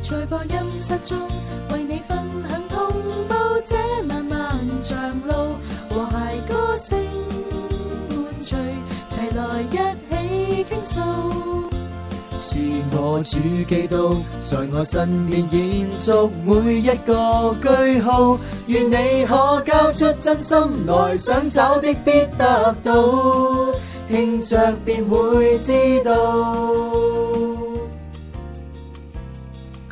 在播音室中，為你分享同走這漫漫長路，和諧歌聲伴隨，齊來一起傾訴。是我主記到在我身邊延續每一個句號，願你可交出真心來，想找的必得到，聽着，便會知道。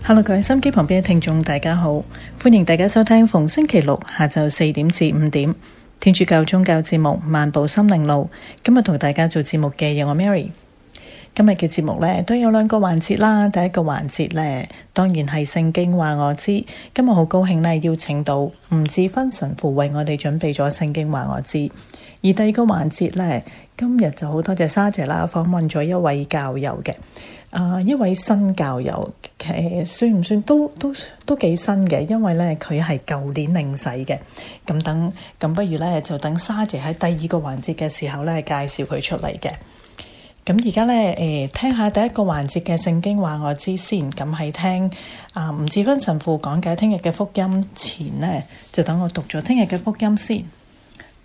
hello，各位心機旁邊嘅聽眾，大家好，歡迎大家收聽逢星期六下晝四點至五點天主教宗教節目《漫步心靈路》。今日同大家做節目嘅有我 Mary。今日嘅節目呢，都有兩個環節啦，第一個環節呢，當然係聖經話我知，今日好高興呢，邀請到吳志芬神父為我哋準備咗聖經話我知。而第二個環節呢，今日就好多謝沙姐啦，訪問咗一位教友嘅。啊！Uh, 一位新教友，誒、呃，算唔算都都都幾新嘅？因為咧佢係舊年領洗嘅。咁等咁，不如呢，就等沙姐喺第二個環節嘅時候呢，介紹佢出嚟嘅。咁而家呢，誒、呃，聽下第一個環節嘅聖經話我知先，咁喺聽啊、呃、吳志芬神父講解聽日嘅福音前呢，就等我讀咗聽日嘅福音先。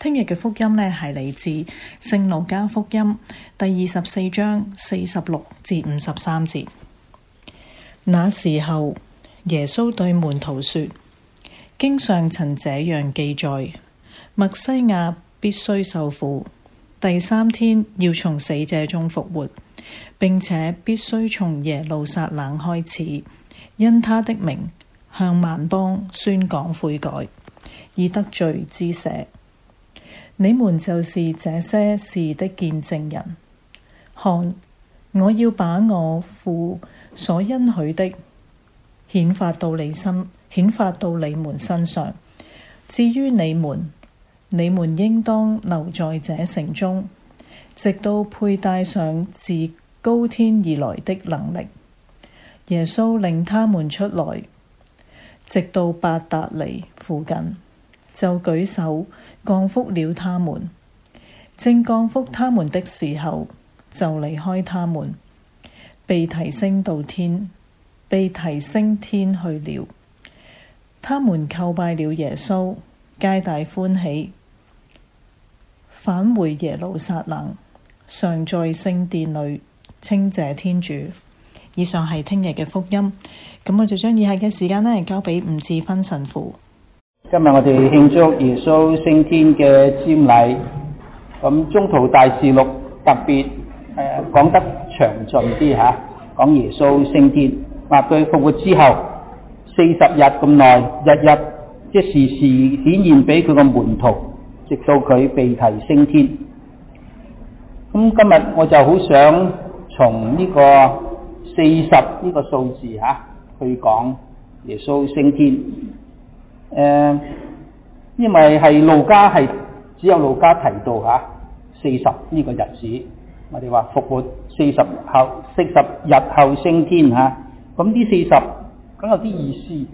聽日嘅福音呢，係嚟自《聖路加福音》第二十四章四十六至五十三節。那時候，耶穌對門徒說：經上曾這樣記載，麥西亞必須受苦，第三天要從死者中復活，並且必須從耶路撒冷開始，因他的名向萬邦宣講悔改，以得罪之赦。你們就是這些事的見證人。看，我要把我父所恩許的顯發到你身，顯發到你們身上。至於你們，你們應當留在這城中，直到佩戴上自高天而來的能力。耶穌領他們出來，直到八達尼附近。就舉手降福了他們，正降福他們的時候，就離開他們，被提升到天，被提升天去了。他們叩拜了耶穌，皆大歡喜，返回耶路撒冷，常在聖殿裏稱謝天主。以上係聽日嘅福音，咁我就將以下嘅時間呢交俾吳志芬神父。今日我哋慶祝耶穌升天嘅瞻禮，咁中途大事錄特別誒、呃、講得詳盡啲吓，講耶穌升天，話佢復活之後四十日咁耐，日日即時時顯現俾佢個門徒，直到佢被提升天。咁、嗯、今日我就好想從呢個四十呢個數字吓、啊、去講耶穌升天。誒，因為係路加係只有路加提到吓，四十呢個日子，我哋話復活四十後四十日後升天吓、啊，咁呢四十咁有啲意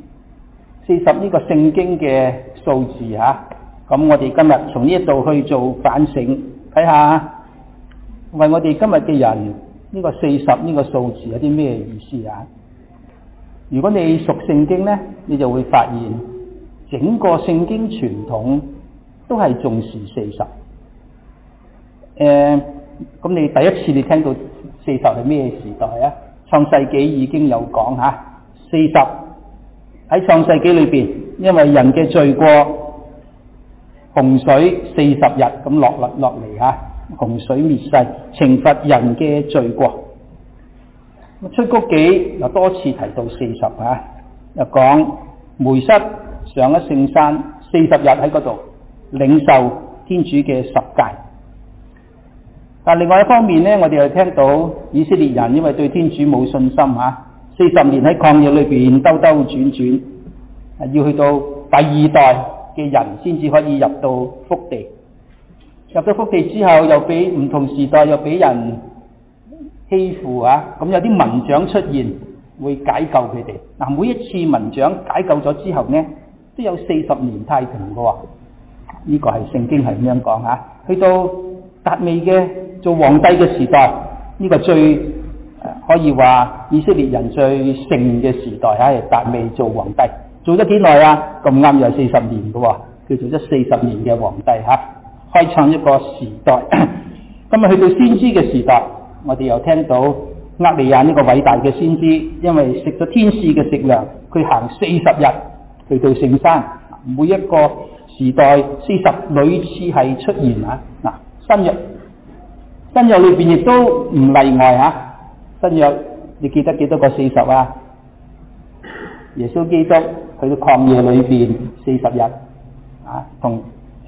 思，四十呢個聖經嘅數字吓、啊，咁我哋今日從呢一度去做反省，睇下為我哋今日嘅人呢、這個四十呢個數字有啲咩意思啊？如果你熟聖經咧，你就會發現。整個聖經傳統都係重視四十。誒、呃，咁你第一次你聽到四十係咩時代啊？創世紀已經有講嚇，四十喺創世紀裏邊，因為人嘅罪過，洪水四十日咁落落落嚟嚇，洪水滅世，懲罰人嘅罪過。出谷記又多次提到四十嚇，又講梅瑟，上咗聖山四十日喺嗰度領受天主嘅十誡。但另外一方面呢，我哋又聽到以色列人因為對天主冇信心吓，四十年喺曠野裏邊兜兜轉轉，要去到第二代嘅人先至可以入到福地。入咗福地之後，又俾唔同時代又俾人欺負吓，咁有啲民長出現會解救佢哋。嗱，每一次民長解救咗之後呢。都有四十年太平嘅，呢個係聖經係咁樣講吓。去到達味嘅做皇帝嘅時代，呢個最可以話以色列人最盛嘅時代。唉，達味做皇帝做咗幾耐啊？咁啱又四十年嘅，佢做咗四十年嘅皇帝吓，開創一個時代。咁啊， 去到先知嘅時代，我哋又聽到厄利亞呢個偉大嘅先知，因為食咗天使嘅食糧，佢行四十日。去到聖山，每一個時代四十屢次係出現啊！嗱，新約新約裏邊亦都唔例外嚇、啊。新約你記得幾多個四十啊？耶穌基督去到曠野裏邊四十日啊，同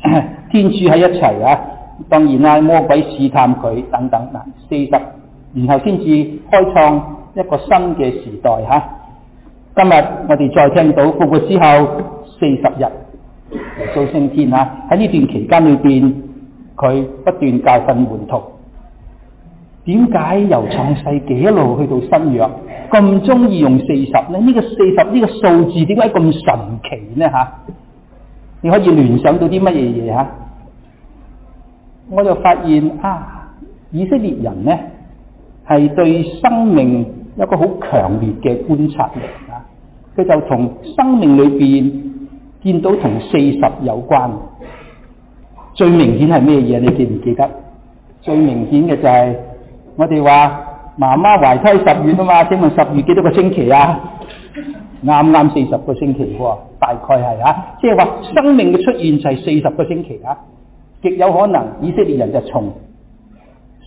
天主喺一齊啊。當然啦、啊，魔鬼試探佢等等嗱、啊，四十，然後先至開創一個新嘅時代嚇。啊今日我哋再聽到復活之後四十日做升天啊！喺呢段期間裏邊，佢不斷教訓門徒。點解由創世紀一路去到新約咁中意用四十呢？呢個四十呢個數字點解咁神奇呢？嚇，你可以聯想到啲乜嘢嘢嚇？我就發現啊，以色列人呢，係對生命有個好強烈嘅觀察。佢就同生命裏邊見到同四十有關，最明顯係咩嘢？你記唔記得？最明顯嘅就係我哋話媽媽懷胎十月啊嘛，請問十月幾多個星期啊？啱啱四十個星期喎，大概係啊，即係話生命嘅出現就係四十個星期啊，極有可能以色列人就從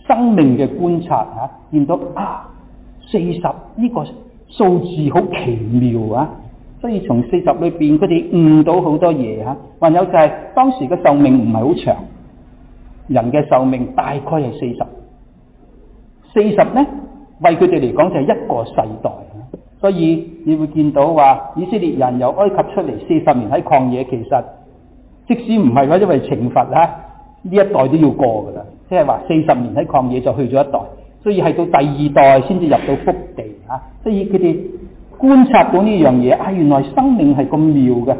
生命嘅觀察啊，見到啊四十呢個。數字好奇妙啊，所以從四十裏邊，佢哋悟到好多嘢啊。還有就係當時嘅壽命唔係好長，人嘅壽命大概係四十。四十呢，為佢哋嚟講就係一個世代，所以你會見到話以色列人由埃及出嚟四十年喺曠野，其實即使唔係話，因為懲罰啊，呢一代都要過噶啦，即係話四十年喺曠野就去咗一代。所以係到第二代先至入到福地嚇，所以佢哋觀察到呢樣嘢，啊原來生命係咁妙嘅，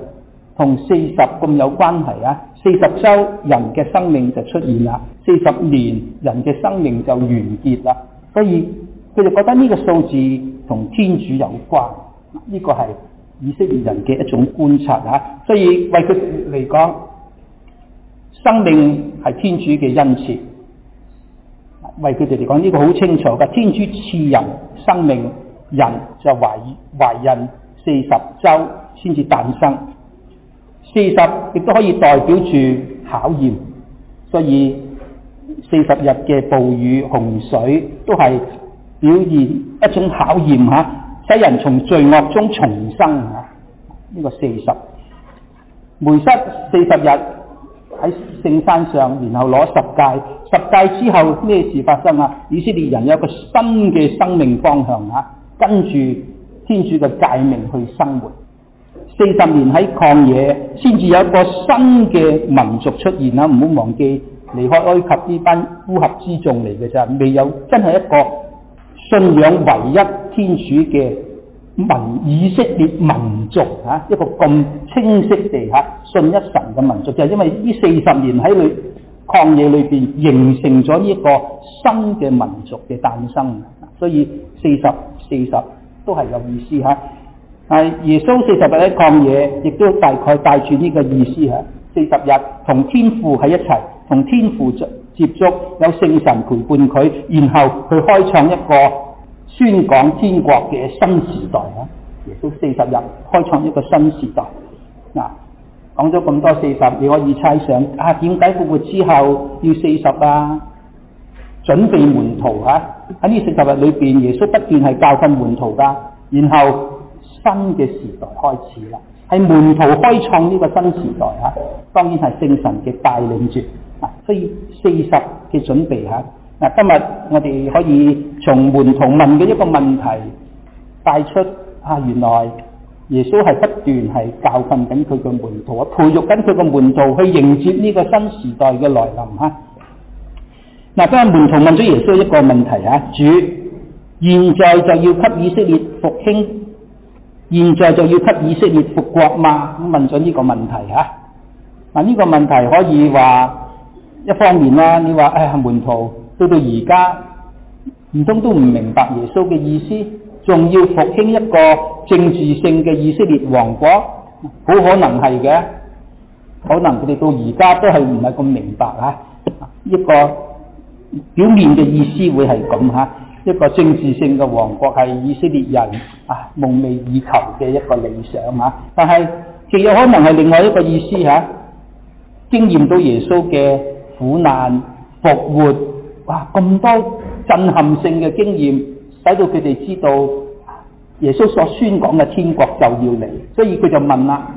同四十咁有關係啊。四十週人嘅生命就出現啦，四十年人嘅生命就完結啦。所以佢哋覺得呢個數字同天主有關，呢個係以色列人嘅一種觀察嚇。所以為佢嚟講，生命係天主嘅恩賜。為佢哋嚟講呢個好清楚嘅，天主賜人生命人，人就懷懷孕四十周先至誕生，四十亦都可以代表住考驗，所以四十日嘅暴雨洪水都係表現一種考驗吓，使人從罪惡中重生啊，呢個四十梅瑟四十日。喺聖山上，然後攞十戒，十戒之後咩事發生啊？以色列人有個新嘅生命方向啊，跟住天主嘅誡命去生活。四十年喺曠野，先至有一個新嘅民族出現啦。唔好忘記離開埃及呢班烏合之眾嚟嘅咋，未有真係一個信仰唯一天主嘅。民以色列民族嚇一個咁清晰地嚇信一神嘅民族，就係、是，因為呢四十年喺裏曠野裏邊形成咗呢個新嘅民族嘅誕生，所以四十四十都係有意思吓，係耶穌四十日喺曠野，亦都大概帶住呢個意思吓，四十日同天父喺一齊，同天父接觸，有聖神陪伴佢，然後去開創一個。宣講天國嘅新時代啊！耶穌四十日開創一個新時代啊！講咗咁多四十，你可以猜想啊？點解復活之後要四十啊？準備門徒啊！喺呢四十日裏邊，耶穌不斷係教訓門徒噶，然後新嘅時代開始啦，係門徒開創呢個新時代啊！當然係聖神嘅帶領住啊，所以四十嘅準備啊！嗱，今日我哋可以從門徒問嘅一個問題，帶出啊，原來耶穌係不斷係教訓緊佢個門徒啊，培育緊佢個門徒去迎接呢個新時代嘅來臨哈。嗱、啊，今日門徒問咗耶穌一個問題啊，主，現在就要給以色列復興，現在就要給以色列復國嘛？咁問咗呢個問題哈，嗱、啊、呢、呢個問題可以話一方面啦，你話誒、哎，門徒。到到而家，唔通都唔明白耶穌嘅意思，仲要復興一個政治性嘅以色列王國，好可能係嘅。可能佢哋到而家都係唔係咁明白啊？一個表面嘅意思會係咁吓，一個政治性嘅王國係以色列人啊夢寐以求嘅一個理想嚇、啊。但係極有可能係另外一個意思吓、啊，經驗到耶穌嘅苦難復活。哇！咁多震撼性嘅經驗，使到佢哋知道耶穌所宣講嘅天國就要嚟，所以佢就問啦：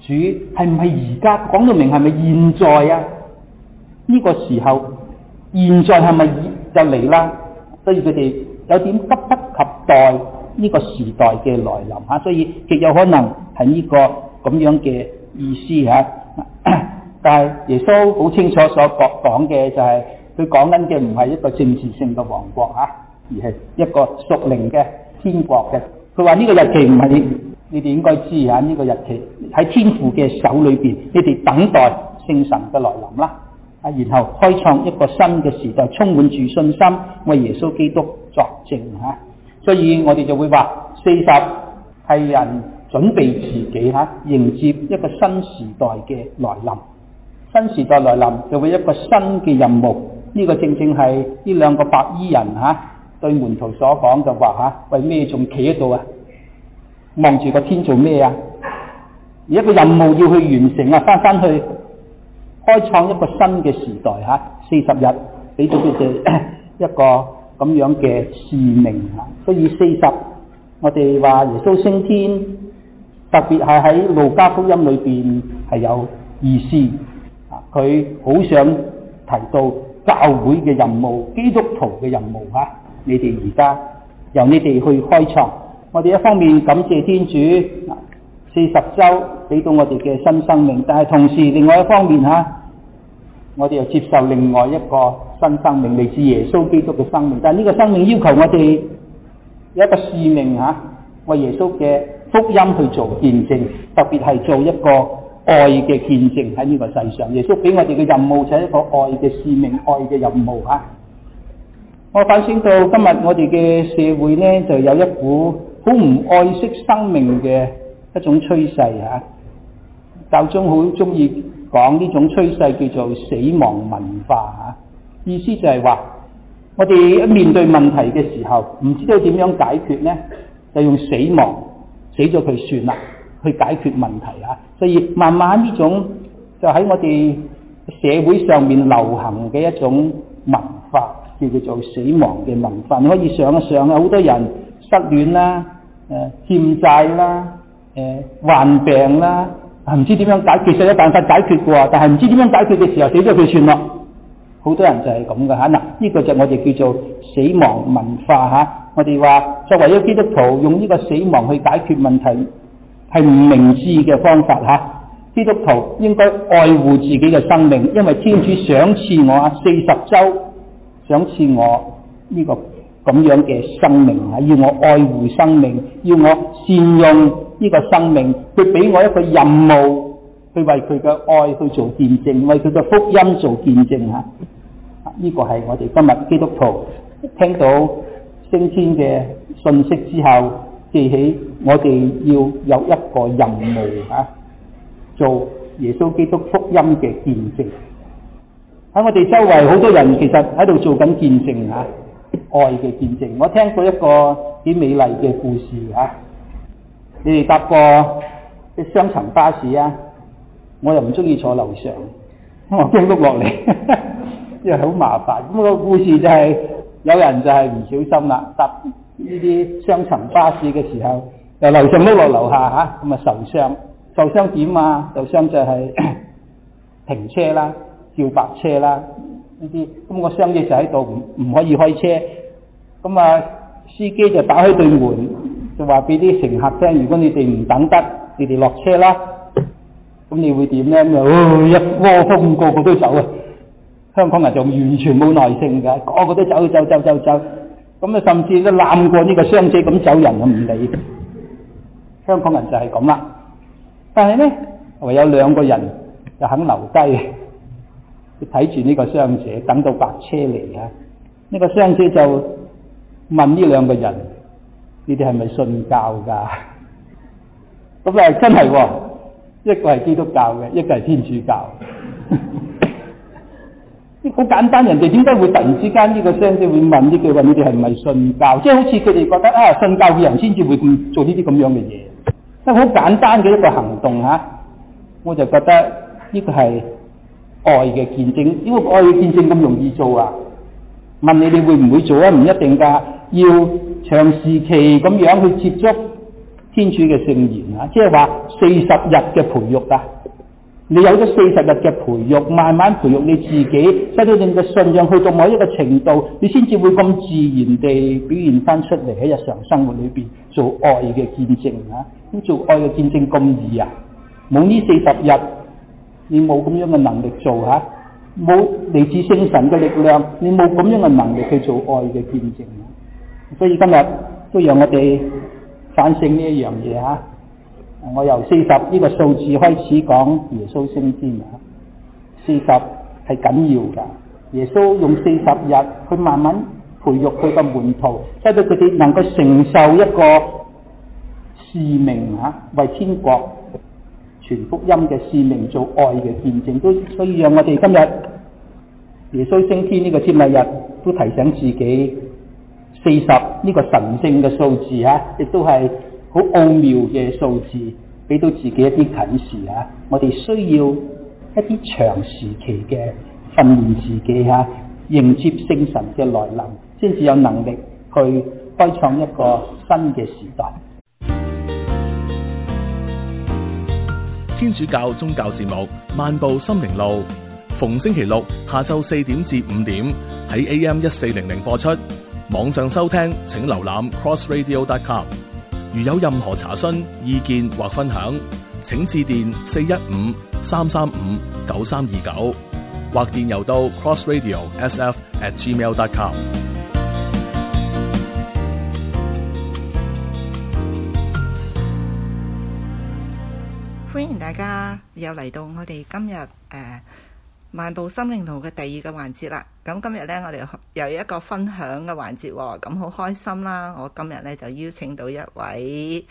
主係唔係而家講到明係咪現在啊？呢個時候，現在係咪就嚟啦？所以佢哋有點急不及待呢個時代嘅來臨吓，所以極有可能係呢個咁樣嘅意思吓。但係耶穌好清楚所講嘅就係。佢講緊嘅唔係一個政治性嘅王國嚇，而係一個屬靈嘅天國。嘅。佢話呢個日期唔係你，你哋應該知喺呢個日期喺天父嘅手裏邊，你哋等待聖神嘅來臨啦。啊，然後開創一個新嘅時代，充滿住信心。為耶穌基督作證嚇，所以我哋就會話四十係人準備自己嚇，迎接一個新時代嘅來臨。新時代來臨就會一個新嘅任務。呢個正正係呢兩個白衣人吓、啊、對門徒所講就話吓，為咩仲企喺度啊？望住、啊、個天做咩啊？而一個任務要去完成啊！翻返去開創一個新嘅時代吓、啊、四十日俾咗佢哋一個咁樣嘅使命啊！所以四十，我哋話耶穌升天，特別係喺路加福音裏邊係有意思啊！佢好想提到。教會嘅任務，基督徒嘅任務吓，你哋而家由你哋去開創。我哋一方面感謝天主，四十周俾到我哋嘅新生命，但係同時另外一方面吓，我哋又接受另外一個新生命，嚟自耶穌基督嘅生命。但係呢個生命要求我哋有一個使命吓，為耶穌嘅福音去做見證，特別係做一個。愛嘅見證喺呢個世上，耶穌俾我哋嘅任務就係一個愛嘅使命、愛嘅任務啊！我反省到今日我哋嘅社會呢，就有一股好唔愛惜生命嘅一種趨勢吓。教宗好中意講呢種趨勢叫做死亡文化吓，意思就係話我哋面對問題嘅時候，唔知道點樣解決呢，就用死亡死咗佢算啦。去解決問題啊！所以慢慢呢種就喺我哋社會上面流行嘅一種文化，叫佢做死亡嘅文化。可以想一想啊，好多人失戀啦、誒欠債啦、誒、呃、患病啦，唔、啊、知點樣解決，其實有辦法解決嘅喎，但係唔知點樣解決嘅時候死咗佢算咯。好多人就係咁嘅吓，嗱、啊、呢、這個就我哋叫做死亡文化吓、啊，我哋話作為一個基督徒，用呢個死亡去解決問題。係唔明智嘅方法吓！基督徒應該愛護自己嘅生命，因為天主想賜我四十周，想賜我呢個咁樣嘅生命吓，要我愛護生命，要我善用呢個生命，佢俾我一個任務，去為佢嘅愛去做見證，為佢嘅福音做見證吓。呢個係我哋今日基督徒聽到升天嘅信息之後。記起我哋要有一個任務吓，做耶穌基督福音嘅見證。喺我哋周圍好多人其實喺度做緊見證吓、啊，愛嘅見證。我聽過一個幾美麗嘅故事吓、啊，你哋搭過啲雙層巴士啊？我又唔中意坐樓上，我驚碌落嚟，因為好麻煩。咁、那個故事就係、是、有人就係唔小心啦，搭。呢啲雙層巴士嘅時候，又樓上都落樓下嚇，咁啊受傷，受傷點啊？受傷就係、是、 停車啦，叫白車啦，呢啲。咁個傷者就喺度唔唔可以開車，咁啊司機就打開對門，就話俾啲乘客聽：如果你哋唔等得，你哋落車啦。咁你會點咧？咁就一窩蜂個個都走啊！香港人就完全冇耐性㗎，個個都走走走走走。走走走。咁啊，甚至都攬過呢個傷者咁走人，我唔理。香港人就係咁啦。但係咧，唯有兩個人就肯留低，你睇住呢個傷者，等到白車嚟啊！呢個傷者就問呢兩個人：你哋係咪信教㗎？咁啊、嗯，真係、哦，一個係基督教嘅，一個係天主教。 好簡單，人哋點解會突然之間呢個聲先會問呢句話？你哋係唔係信教？即係好似佢哋覺得啊，信教嘅人先至會咁做呢啲咁樣嘅嘢。即係好簡單嘅一個行動嚇、啊，我就覺得呢個係愛嘅見證。因為愛嘅見證咁容易做啊！問你哋會唔會做啊？唔一定噶，要長時期咁樣去接觸天主嘅聖言啊，即係話四十日嘅培育啊。你有咗四十日嘅培育，慢慢培育你自己，使到你嘅信仰去到某一個程度，你先至會咁自然地表現翻出嚟喺日常生活裏邊做愛嘅見證吓，咁做愛嘅見證咁易啊？冇呢四十日，你冇咁樣嘅能力做吓，冇嚟自聖神嘅力量，你冇咁樣嘅能力去做愛嘅見證。所以今日都讓我哋反省呢一樣嘢吓。我由四十呢個數字開始講耶穌升天啊，四十係緊要噶。耶穌用四十日去慢慢培育佢個門徒，使到佢哋能夠承受一個使命啊，為天國全福音嘅使命，做愛嘅見證，都所以讓我哋今日耶穌升天呢個節日日，都提醒自己四十呢個神聖嘅數字啊，亦都係。好奧妙嘅數字，俾到自己一啲啟示。啊！我哋需要一啲長時期嘅訓練自己吓、啊，迎接聖神嘅來臨，先至有能力去開創一個新嘅時代。天主教宗教節目《漫步心靈路》，逢星期六下晝四點至五點喺 AM 一四零零播出，網上收聽請瀏覽 crossradio.com。如有任何查詢、意見或分享，請致電四一五三三五九三二九，29，或電郵到 crossradio_sf@gmail.com。Com 歡迎大家又嚟到我哋今日誒。呃漫步森林路嘅第二個環節啦，咁今日呢，我哋又有一個分享嘅環節喎、哦，咁好開心啦！我今日呢，就邀請到一位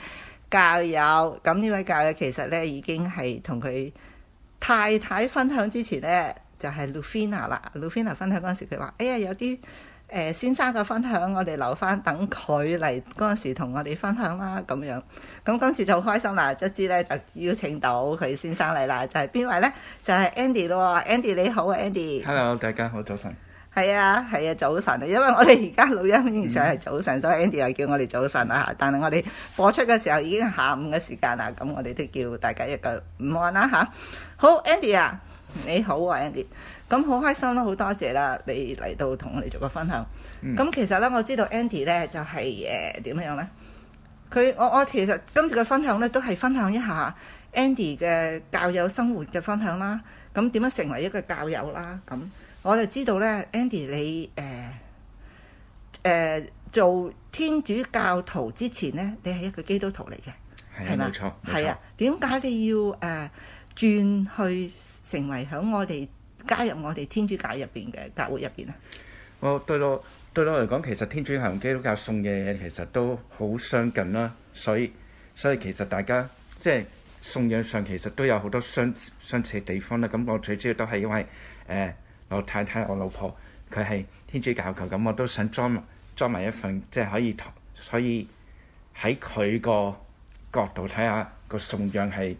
教友，咁呢位教友其實呢，已經係同佢太太分享之前呢，就係、是、Lufina 啦，Lufina 分享嗰陣時佢話，哎呀有啲。誒、呃，先生嘅分享我哋留返等佢嚟嗰陣時同我哋分享啦，咁樣咁、嗯、今次就好開心啦，卒之咧就邀請到佢先生嚟啦，就係、是、邊位呢？就係、是、Andy 咯、哦、，Andy 你好、啊、，Andy。Hello，大家好，早晨。係啊，係啊，早晨。因為我哋而家錄音就係早晨，mm. 所以 Andy 又叫我哋早晨啊。但係我哋播出嘅時候已經下午嘅時間啦，咁我哋都叫大家一個午安啦吓、啊。好，Andy 啊，你好啊，Andy。咁好開心啦，好多謝啦，你嚟到同我哋做個分享。咁、嗯、其實咧，我知道 Andy 咧就係誒點樣咧？佢我我其實今次嘅分享咧都係分享一下 Andy 嘅教友生活嘅分享啦。咁點樣成為一個教友啦？咁我就知道咧，Andy 你誒誒、呃呃、做天主教徒之前咧，你係一個基督徒嚟嘅係嘛？冇錯，係啊。點解吧、啊、你要誒、呃、轉去成為響我哋？加入我哋天主教入邊嘅教會入邊啊！我、哦、對我對我嚟講，其實天主教同基督教送嘅嘢其實都好相近啦，所以所以其實大家即係信仰上其實都有好多相相似嘅地方啦。咁、嗯、我最主要都係因為誒我、呃、太太我老婆佢係天主教徒，咁、嗯，我都想 join join 埋一份，即係可以同所以喺佢個角度睇下個信仰係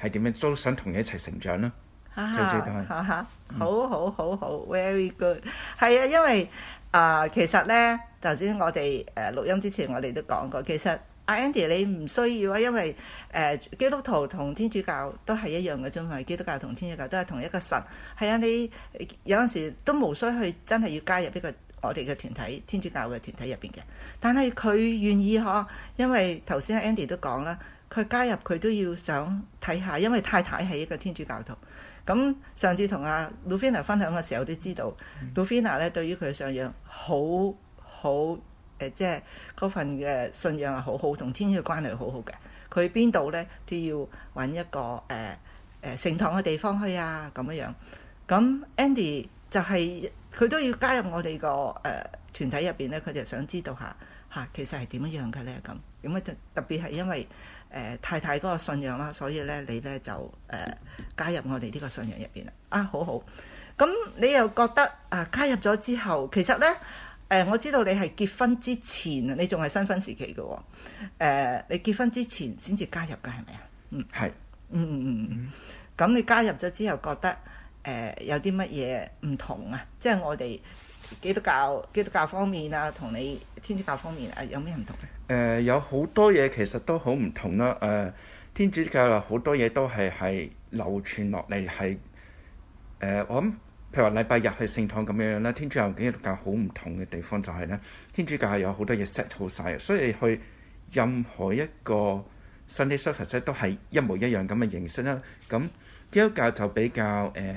係點樣，都想同你一齊成長啦。哈哈、啊啊，好好好好、嗯，very good，係啊，因為啊、呃，其實呢，頭先我哋誒錄音之前，我哋都講過，其實 Andy 你唔需要啊，因為誒、呃、基督徒同天主教都係一樣嘅，啫嘛，基督教同天主教都係同一個神。係啊，你有陣時都無需去真係要加入一個我哋嘅團體，天主教嘅團體入邊嘅。但係佢願意呵，因為頭先 Andy 都講啦，佢加入佢都要想睇下，因為太太係一個天主教徒。咁上次同阿 Lufina 分享嘅時候，都知道、嗯、Lufina 咧對於佢嘅信仰好好誒、呃，即係嗰份嘅信仰係好好，同天主嘅關係好好嘅。佢邊度咧都要揾一個誒誒聖堂嘅地方去啊，咁樣樣。咁 Andy 就係、是、佢都要加入我哋個誒團體入邊咧，佢就想知道下嚇、啊，其實係點樣樣嘅咧？咁咁啊，特特別係因為。誒太太嗰、呃、個信仰啦，所以咧你咧就誒加入我哋呢個信仰入邊啦。啊，好好。咁、嗯、你又覺得啊加入咗之後，其實咧誒、呃、我知道你係結婚之前，你仲係新婚時期嘅喎、哦呃。你結婚之前先至加入嘅係咪啊？嗯，係、嗯。嗯嗯嗯。咁、嗯嗯嗯、你加入咗之後覺得誒、呃、有啲乜嘢唔同啊？即係我哋基督教基督教方面啊，同你天主教方面啊，有咩唔同咧、啊？誒、呃、有好多嘢其實都好唔同啦。誒、呃、天主教啊，好多嘢都係係流傳落嚟係誒，我諗譬如話禮拜日去聖堂咁樣樣啦。天主教，教同基督教好唔同嘅地方就係、是、咧，天主教係有多設好多嘢 set 好晒，所以去任何一個新的修習室都係一模一樣咁嘅形式啦。咁基督教就比較誒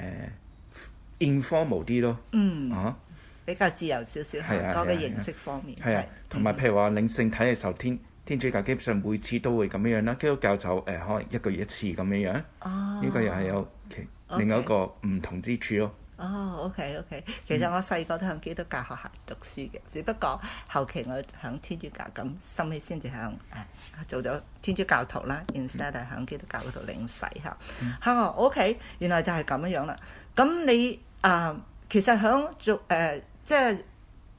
informal 啲咯。嗯。嚇、啊！比較自由少少，多嘅形式方面。係啊，同埋譬如話領聖體嘅時候，天天主教基本上每次都會咁樣樣啦。基督教就誒可能一個月一次咁樣樣。哦，呢個又係有其 okay. 另外一個唔同之處咯、哦。哦，OK OK，其實我細個都響基督教學校讀書嘅，嗯、只不過後期我響天主教咁心啲先至響誒做咗天主教徒啦，instead 響、嗯、基督教嗰度領洗嚇。嚇、嗯啊、OK，原來就係咁樣樣啦。咁你啊，其實響做誒。啊啊啊啊即係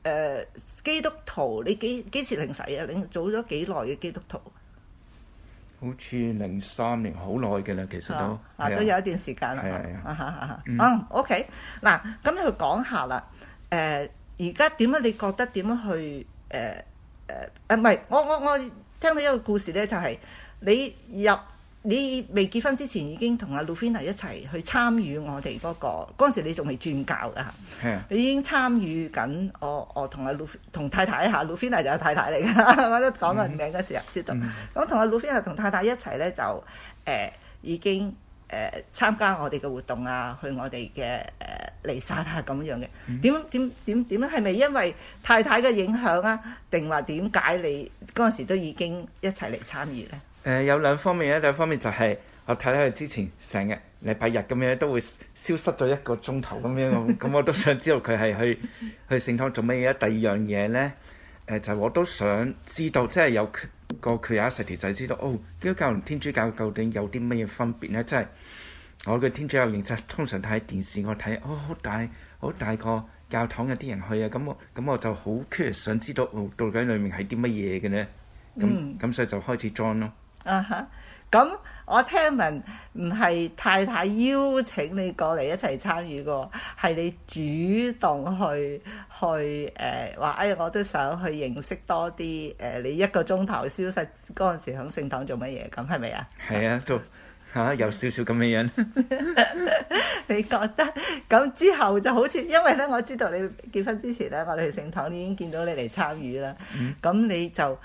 誒基督徒，你幾幾時領洗啊？你做咗幾耐嘅基督徒？好似零三年好耐嘅啦，其實都啊，都有一段時間啦。嗯，OK，嗱，咁你去講下啦。誒，而家點樣？你覺得點樣去誒誒誒？唔係，我我我聽到一個故事咧，就係你入。你未結婚之前已經同阿 l u c i n a 一齊去參與我哋嗰、嗰個嗰時，你仲未轉教噶，啊、你已經參與緊我我同阿 Luc 同太太嚇 l u c i n a 就係太太嚟噶，我都講個名嗰時啊、嗯、知道。咁同阿 l u c i n a 同太太一齊咧就誒、呃、已經誒、呃、參加我哋嘅活動啊，去我哋嘅誒離散啊咁樣嘅。點點點點係咪因為太太嘅影響啊？定話點解你嗰陣時都已經一齊嚟參與咧？誒、呃、有兩方面咧，第一方面就係、是、我睇佢之前成日禮拜日咁樣都會消失咗一個鐘頭咁樣咁，我都想知道佢係去去聖堂做乜嘢。第二樣嘢咧，誒就我都想知道，即係有個佢有一條就仔知道，哦、嗯，基督教同天主教究竟有啲乜嘢分別咧？即係我嘅天主教認識，通常睇電視我睇，哦好大好大個教堂有啲人去啊，咁我咁我就好想知道，哦到底裡面係啲乜嘢嘅咧？咁咁所以就開始 join 咯。嗯啊哈！咁、uh huh。我聽聞唔係太太邀請你過嚟一齊參與嘅喎，係你主動去去誒話、呃，哎我都想去認識多啲誒、呃，你一個鐘頭消失嗰陣時喺聖堂做乜嘢？咁係咪啊？係啊，都有少少咁嘅樣、樣。 你覺得咁之後就好似，因為咧我知道你結婚之前咧，我哋去聖堂已經見到你嚟參與啦。咁、嗯、你就誒、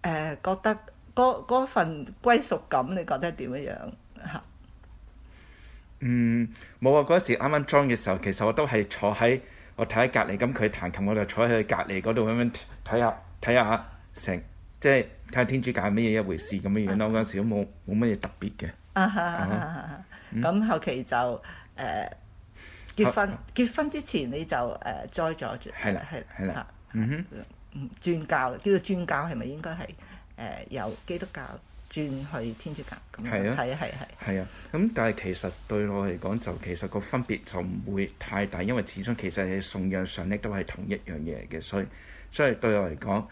呃、覺得？嗰份歸屬感，你覺得係點樣樣嚇？嗯，冇啊！嗰時啱啱裝嘅時候，其實我都係坐喺我睇喺隔離，咁佢彈琴，我就坐喺佢隔離嗰度咁樣睇下睇下成，即係睇下天主教係乜嘢一回事咁嘅樣咯。嗰陣時都冇冇乜嘢特別嘅。咁後期就誒、呃、結婚，啊、結婚之前你就誒栽咗，係啦係啦，嗯哼，轉教，叫做轉教，係咪應該係？誒、呃、由基督教轉去天主教，係啊係係係啊咁，但係其實對我嚟講，就其實個分別就唔會太大，因為始終其實你信仰上呢都係同一樣嘢嘅，所以所以對我嚟講，呢、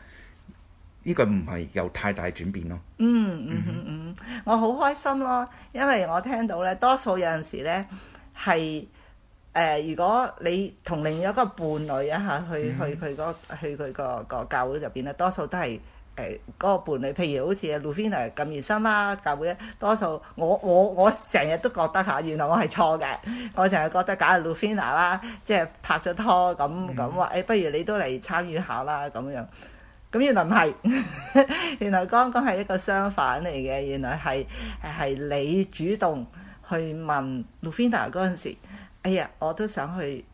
呢個唔係有太大轉變咯。嗯嗯嗯，嗯嗯哼我好開心咯，因為我聽到咧多數有陣時咧係誒，如果你同另一個伴侶一下去、嗯、去、佢個、去嗰去佢個個教會入邊咧，多數都係。誒嗰、哎那個伴侶，譬如好似啊 Lufina 咁熱心啦，教會多數我我我成日都覺得嚇，原來我係錯嘅，我成日覺得假如 Lufina 啦，即係拍咗拖咁咁話，誒、哎、不如你都嚟參與下啦咁樣，咁原來唔係， 原來剛剛係一個相反嚟嘅，原來係係你主動去問 Lufina 嗰陣時，哎呀我都想去。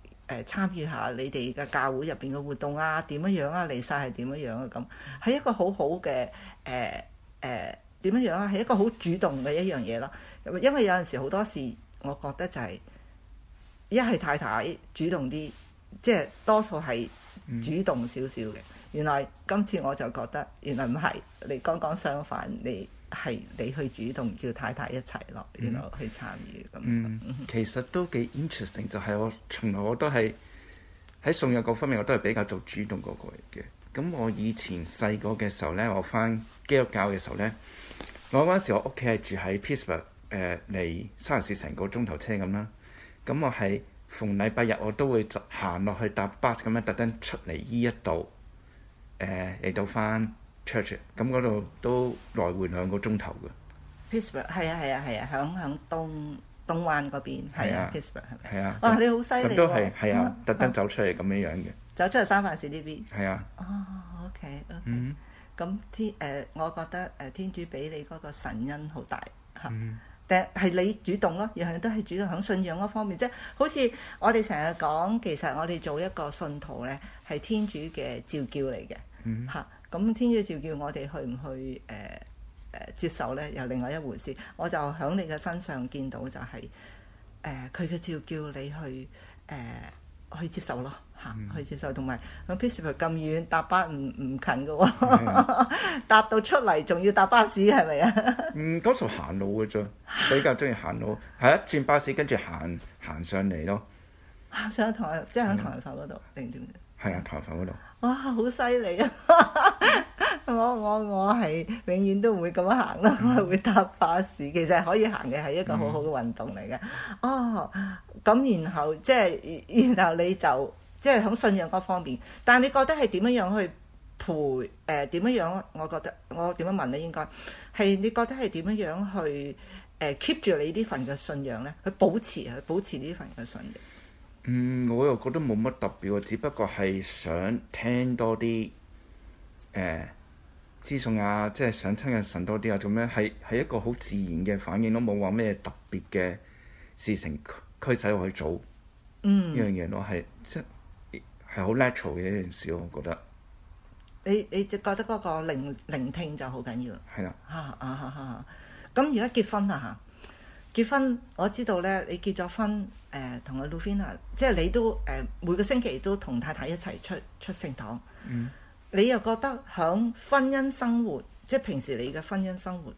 誒參與下你哋嘅教會入邊嘅活動啊，點樣樣啊，嚟晒係點樣樣啊咁，係一個好好嘅誒誒點樣樣啊，係一個好主動嘅一樣嘢咯。因為有陣時好多事，我覺得就係一係太太主動啲，即係多數係主動少少嘅。嗯、原來今次我就覺得原來唔係，你剛剛相反你。係你去主動叫太太一齊落嚟落去參與咁。嗯，其實都幾 interesting，就係、是、我從來我都係喺送藥各方面我都係比較做主動嗰個嚟嘅。咁我以前細個嘅時候咧，我返基督教嘅時候咧，我嗰陣時我屋企係住喺 Pittsburgh 誒，離三藩市成個鐘頭車咁啦。咁、嗯、我係逢禮拜日我都會行落去搭巴士 s 咁樣特登出嚟依一度誒嚟到返。Church 咁嗰度都來回兩個鐘頭嘅。Pittsburg 係啊係啊係啊，響響東東灣嗰邊係啊。Pittsburg 係咪？係啊。哇！你好犀利。咁都係係啊，特登走出嚟咁樣樣嘅。走出嚟三藩市呢邊。係啊。哦，OK OK。嗯。咁天誒，我覺得誒天主俾你嗰個神恩好大嚇，定係你主動咯，樣樣都係主動響信仰嗰方面，即係好似我哋成日講，其實我哋做一個信徒咧，係天主嘅召叫嚟嘅嚇。咁天主召叫我哋去唔去誒誒接受咧，又另外一回事。我就喺你嘅身上見到就係誒，佢嘅召叫你去誒去接受咯，嚇去接受。同埋喺 p i s 咁遠搭巴唔唔近嘅喎，搭到出嚟仲要搭巴士係咪啊？嗯，多數行路嘅啫，比較中意行路。係一轉巴士跟住行行上嚟咯。上台即係喺台頭嗰度定點？係啊，台頭嗰度。哇！好犀利啊！我我我係永遠都唔會咁樣行咯，我 會搭巴士。其實可以行嘅係一個好好嘅運動嚟嘅。哦、嗯，咁、oh, 然後即係然後你就即係喺信仰嗰方面，但係你覺得係點樣樣去陪誒？點、呃、樣樣？我覺得我點樣問咧？應該係你覺得係點樣樣去誒 keep 住你呢份嘅信仰咧？去保持，去保持呢份嘅信仰。嗯，我又覺得冇乜特別喎，只不過係想聽多啲誒。呃資訊啊，即係想親近神多啲啊，做咩？係係一個好自然嘅反應，都冇話咩特別嘅事情驅使我去做。嗯，呢樣嘢我係即係好 natural 嘅一件事，我覺得。你你就覺得嗰個聆聆聽就好緊要。係啦、啊，嚇 啊嚇嚇咁而家結婚啊嚇，結婚我知道咧，你結咗婚誒同、呃、阿 Lufina，即係、就是、你都誒、呃、每個星期都同太，太太一齊出出聖堂。嗯。你又覺得喺婚姻生活，即係平時你嘅婚姻生活，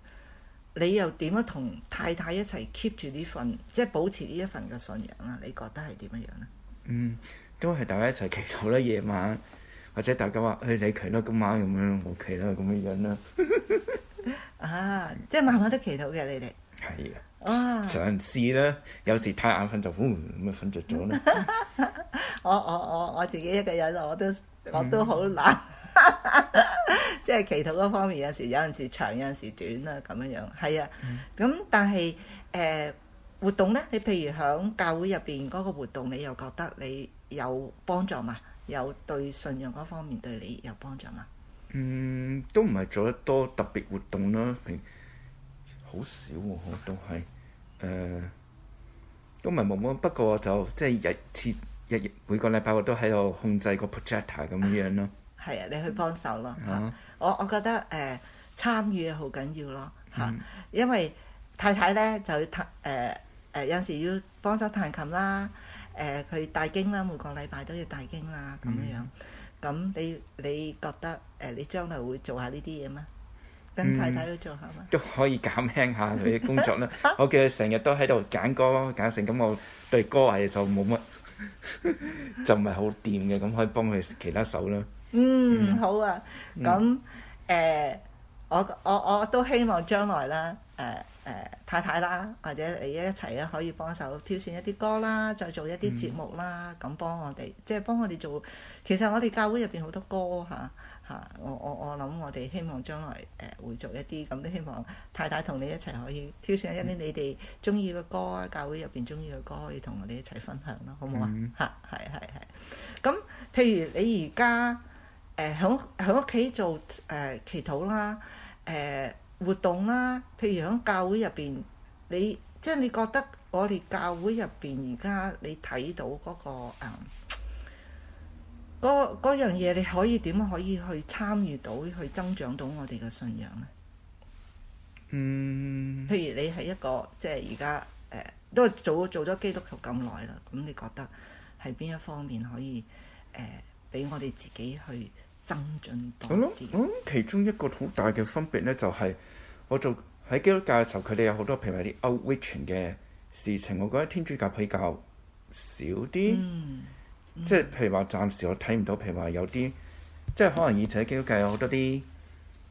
你又點樣同太太一齊 keep 住呢份，即係保持呢一份嘅信仰啊？你覺得係點樣樣咧？嗯，都係大家一齊祈禱啦，夜晚或者大家話去你祈啦，今晚咁樣我祈啦，咁樣樣啦。 啊，即係晚晚都祈禱嘅你哋。係啊。哦哇。嘗試啦，有時太眼瞓就呼唔咪瞓着咗咧。我我我我自己一個人我都我都好懶、嗯。 即係祈禱嗰方面有，有時有陣時長，有陣時短啦，咁樣樣。係啊，咁、嗯、但係誒、呃、活動呢，你譬如喺教會入邊嗰個活動，你又覺得你有幫助嘛？有對信仰嗰方面對你有幫助嘛？嗯，都唔係做得多特別活動啦，好少喎、啊 呃，都係誒都唔係冇冇，不過我就即係日次日每個禮拜我都喺度控制個 projector 咁樣咯。啊係啊，你去幫手咯嚇。嗯啊、我我覺得誒參與好緊要咯嚇，啊嗯、因為太太咧就要彈誒誒有陣時要幫手彈琴啦。誒佢大經啦，每個禮拜都要大經啦咁樣樣。咁、嗯、你你覺得誒、呃、你將來會做下呢啲嘢咩？跟太太都做下嘛？嗯、吧都可以減輕下佢嘅工作啦。 我記得成日都喺度揀歌揀成，咁我對歌係就冇乜 就唔係好掂嘅，咁可以幫佢其他手啦。嗯，好啊，咁誒、嗯呃，我我我都希望將來啦，誒、呃、誒、呃、太太啦，或者你一齊啦，可以幫手挑選一啲歌啦，再做一啲節目啦，咁、嗯、幫我哋，即、就、係、是、幫我哋做。其實我哋教會入邊好多歌嚇嚇、啊啊，我我我諗我哋希望將來誒、呃、會做一啲，咁、啊、都希望太太同你一齊可以挑選一啲你哋中意嘅歌啊，教會入邊中意嘅歌，可以同我哋一齊分享咯，好唔好啊？吓，係係係。咁譬如你而家。誒響響屋企做誒、呃、祈禱啦，誒、呃、活動啦，譬如響教會入邊，你即係你覺得我哋教會入邊而家你睇到嗰、那個誒嗰、呃、樣嘢，你可以點可以去參與到去增長到我哋嘅信仰呢？嗯。譬如你係一個即係而家誒，都做做咗基督徒咁耐啦，咁你覺得係邊一方面可以誒俾、呃、我哋自己去？咁、 嗯、其中一個好大嘅分別呢，就係、是、我做喺基督教嘅時候，佢哋有好多譬如話啲 outreaching 嘅事情，我覺得天主教比較少啲。嗯嗯、即係譬如話，暫時我睇唔到，譬如話有啲，即係可能以前喺基督教有好多啲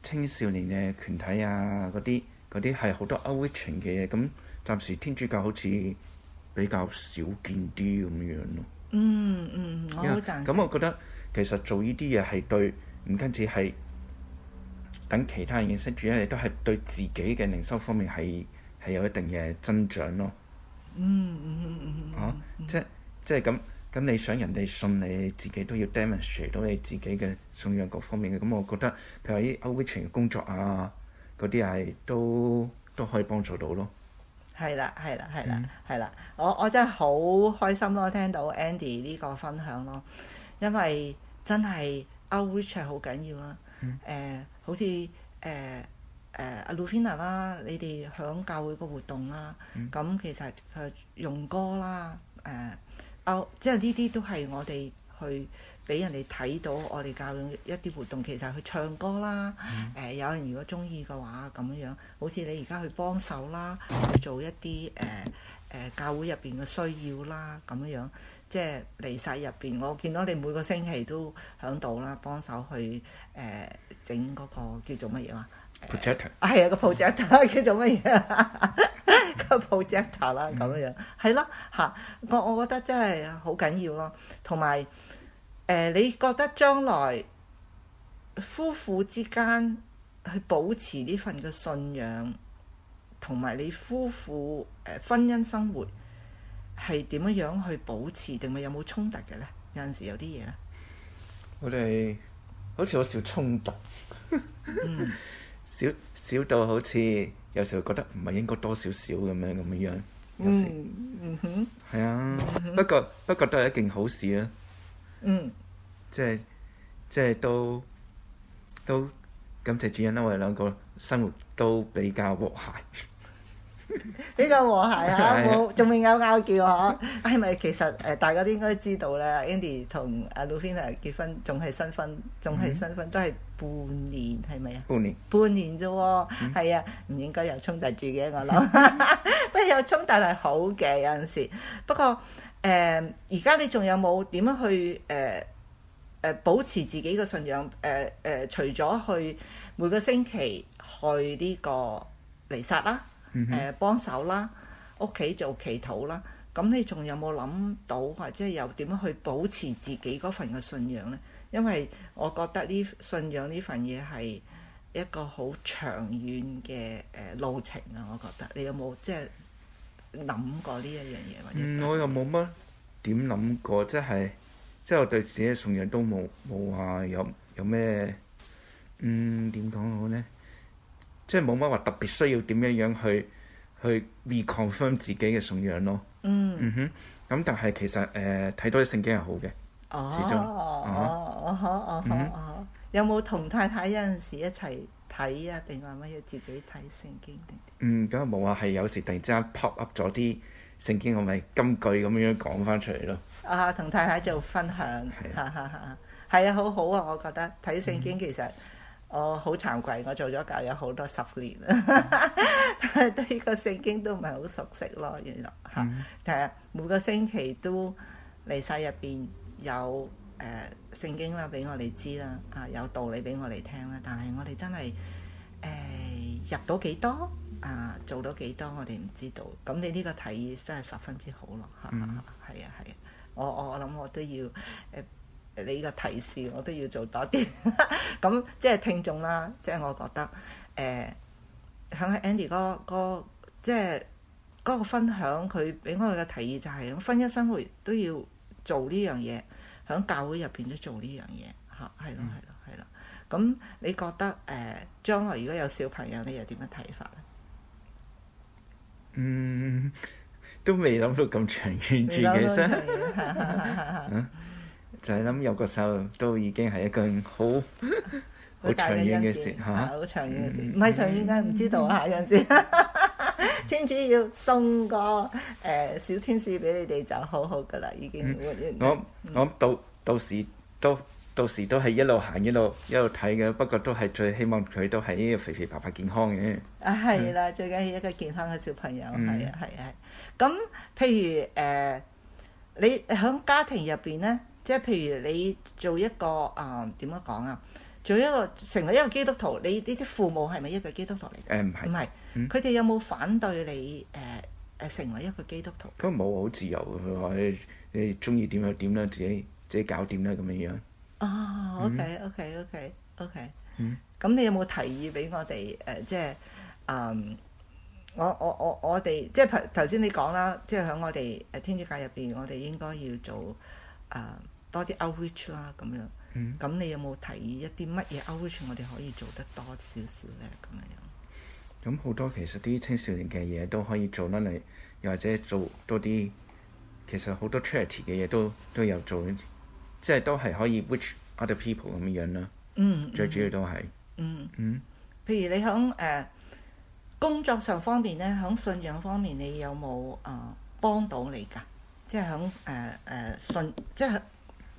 青少年嘅羣體啊，嗰啲嗰啲係好多 outreaching 嘅，咁暫時天主教好似比較少見啲咁樣樣咯。嗯嗯，好咁我覺得。其實做呢啲嘢係對唔單止係等其他人認識，主要亦都係對自己嘅靈修方面係係有一定嘅增長咯。嗯嗯嗯嗯嗯。嚇、嗯嗯嗯啊，即即係咁咁，你想人哋信你自己，都要 demonstrate 到你自己嘅信仰各方面嘅。咁、嗯嗯嗯、我覺得，譬如依 o p e n 工作啊，嗰啲係都都可以幫助到咯。係啦，係啦，係啦，係啦。我我真係好開心咯，聽到 Andy 呢個分享咯。因為真係 outreach 好緊要啦，誒、mm. 呃，好似誒誒、呃、阿、呃、Lufina 啦，你哋響教會個活動啦，咁、mm. 嗯、其實佢用歌啦，誒、呃、out，即係呢啲都係我哋去俾人哋睇到我哋教會一啲活動，其實去唱歌啦，誒、mm. 呃，有人如果中意嘅話咁樣，好似你而家去幫手啦，去做一啲誒誒教會入邊嘅需要啦，咁樣。即係離世入邊，我見到你每個星期都響度啦，幫手去誒整嗰個叫做乜嘢、呃、Projector 啊 projector 係啊，個 projector 叫做乜嘢、 嗯、啊？個 projector 啦咁樣，係咯嚇。我我覺得真係好緊要咯，同埋誒，你覺得將來夫婦之間去保持呢份嘅信仰，同埋你夫婦誒婚姻生活，係點樣樣去保持，定係有冇衝突嘅呢？有陣時有啲嘢，呢，我哋好似有少衝突，少少，嗯、到好似有時候覺得唔係應該多少少咁樣咁樣。嗯哼。係啊，嗯哼不、不過不過都係一件好事啦，啊。嗯。即係即係都都感謝主人啦！我哋兩個生活都比較和諧。比較和諧嚇、啊，冇仲未有拗叫嗬。係咪 其實誒、呃，大家都應該知道咧。Andy 同阿 l u v i n a 啊，結婚，仲係新婚，仲係新婚，嗯、都係半年係咪啊？半年。是是半年啫喎，係、哦嗯、啊，唔應該有沖突住嘅我諗， 不過、呃、有沖突係好嘅有陣時。不過誒，而家你仲有冇點樣去誒誒、呃呃、保持自己嘅信仰？誒、呃、誒、呃，除咗去每個星期去呢個彌撒啦。誒、嗯、幫手啦，屋企做祈禱啦。咁你仲有冇諗到或者又點樣去保持自己嗰份嘅信仰呢？因為我覺得呢信仰呢份嘢係一個好長遠嘅誒路程啊，我覺得你有冇即係諗過呢一樣嘢？或者嗯，我又冇乜點諗過，即係即係我對自己嘅信仰都冇冇話有有咩嗯點講好呢？即係冇乜話特別需要點樣樣去去 reconfirm 自己嘅信仰咯。嗯，嗯哼，咁但係其實誒睇多啲聖經係好嘅，哦、始終。哦哦哦哦、嗯、哦！有冇同太太有陣時一齊睇啊？定係乜要自己睇聖經？嗯，咁啊冇啊，係有時突然之間 pop up 咗啲聖經，我咪金句咁樣講翻出嚟咯。啊，同太太做分享。係係啊， 啊，好好啊，我覺得睇聖經其實、嗯、～、嗯我好慚愧，我做咗教友好多十年， 但係對呢個聖經都唔係好熟悉咯。原來嚇，係、mm hmm. 啊，就是、每個星期都嚟曬入邊有誒、呃、聖經啦，俾我哋知啦，啊有道理俾我哋聽啦。但係我哋真係誒、呃、入到幾多啊，做到幾多，我哋唔知道。咁你呢個提議真係十分之好咯，嚇係啊係、mm hmm. 啊，啊，啊，我我我諗我都要誒。呃你依個提示我都要做多啲，咁、 嗯、即係聽眾啦，即係我覺得，誒、呃，響 Andy 哥哥，即係嗰個分享，佢俾我哋嘅提議就係咁，婚姻生活都要做呢樣嘢，響教會入邊都做呢樣嘢，吓、啊？係咯係咯係咯，咁、嗯、你覺得誒、呃，將來如果有小朋友，你又點樣睇法咧？嗯，都未諗到咁長遠住。己先。 就係諗有個細路都已經係一個好好長遠嘅事，嚇好長遠嘅事，唔係長遠，梗係唔知道啊！有陣時天主要送個誒、呃、小天使俾你哋就好好噶啦，已經 我 我，我到到時，到，到時都到時都係一路行一,一路一路睇嘅，不過都係最希望佢都係肥肥白白健康嘅啊！係啦， 最緊要一個健康嘅小朋友係啊係啊，咁、啊啊啊、譬如誒、呃，你喺家庭入邊咧？即係譬如你做一個誒點樣講啊？做一個成為一個基督徒，你呢啲父母係咪一個基督徒嚟？誒唔係。唔係，佢哋是、嗯、有冇反對你誒誒、呃、成為一個基督徒？佢冇，好自由。佢話你你中意點就點啦，自己自己搞掂啦，咁樣樣。哦，OK OK OK OK、嗯。咁、 嗯、你有冇提議俾我哋誒、呃呃呃？即係誒，我我我我哋即係頭先你講啦，即係喺我哋誒天主教入邊，我哋應該要做誒。多啲 outreach 啦，咁樣咁、嗯、你有冇提議一啲乜嘢 outreach 我哋可以做得多少少咧？咁樣樣咁，好多其實啲青少年嘅嘢都可以做啦，你又或者做多啲，其實好多 charity 嘅嘢都都有做，即係都係可以 reach other people 咁樣樣咯。嗯，最主要都係嗯嗯，譬如你響誒、呃、工作上方面咧，響信仰方面你有冇啊、呃、幫到你㗎、就是呃？即係響誒誒信即係。呃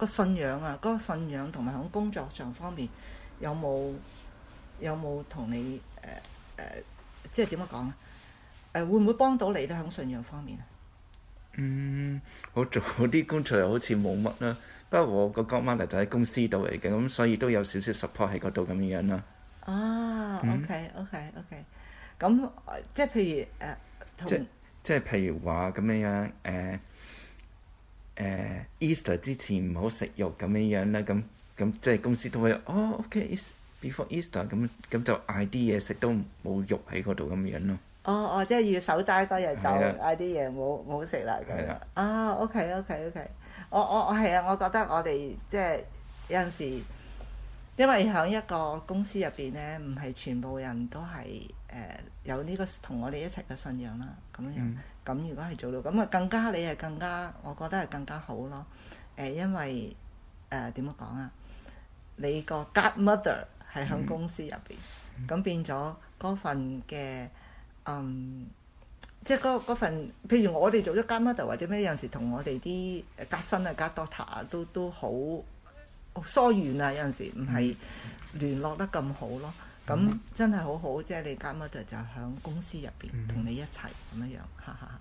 個信仰啊，嗰、那個信仰同埋響工作上方面有冇有冇同你誒誒、呃呃，即係點樣講啊？誒、呃、會唔會幫到你都響信仰方面啊？嗯，我做啲工作又好似冇乜啦。不過我個 job 就喺公司度嚟嘅，咁所以都有少少 support 喺嗰度咁樣樣啦。啊，OK，OK，OK。咁、嗯 okay, okay, okay. 即係譬如誒、呃，即即係譬如話咁樣樣誒。誒、uh, Easter 之前唔好食肉咁樣樣啦，咁咁即係公司都會哦、oh, OK is before Easter 咁咁就嗌啲嘢食都冇肉喺嗰度咁樣咯。哦哦、oh, oh, 即係要守齋嗰日就嗌啲嘢冇冇食啦。啊的、oh, OK OK OK，我我我係啊，我覺得我哋即係有陣時，因為喺一個公司入邊咧，唔係全部人都係。誒、呃、有呢、這個同我哋一齊嘅信仰啦，咁樣樣咁如果係做到咁啊，更加你係更加，我覺得係更加好咯。誒、呃，因為誒點樣講啊？你個 Godmother 係響公司入邊，咁、嗯、變咗嗰份嘅嗯，即係嗰份，譬如我哋做咗 Godmother 或者咩，有陣時同我哋啲 Godson 啊、Goddaughter 啊都都好疏遠啊，有陣時唔係聯絡得咁好咯。咁、嗯、真係好好，即、就、係、是、你家 mother 就喺公司入邊同你一齊咁樣樣，哈哈。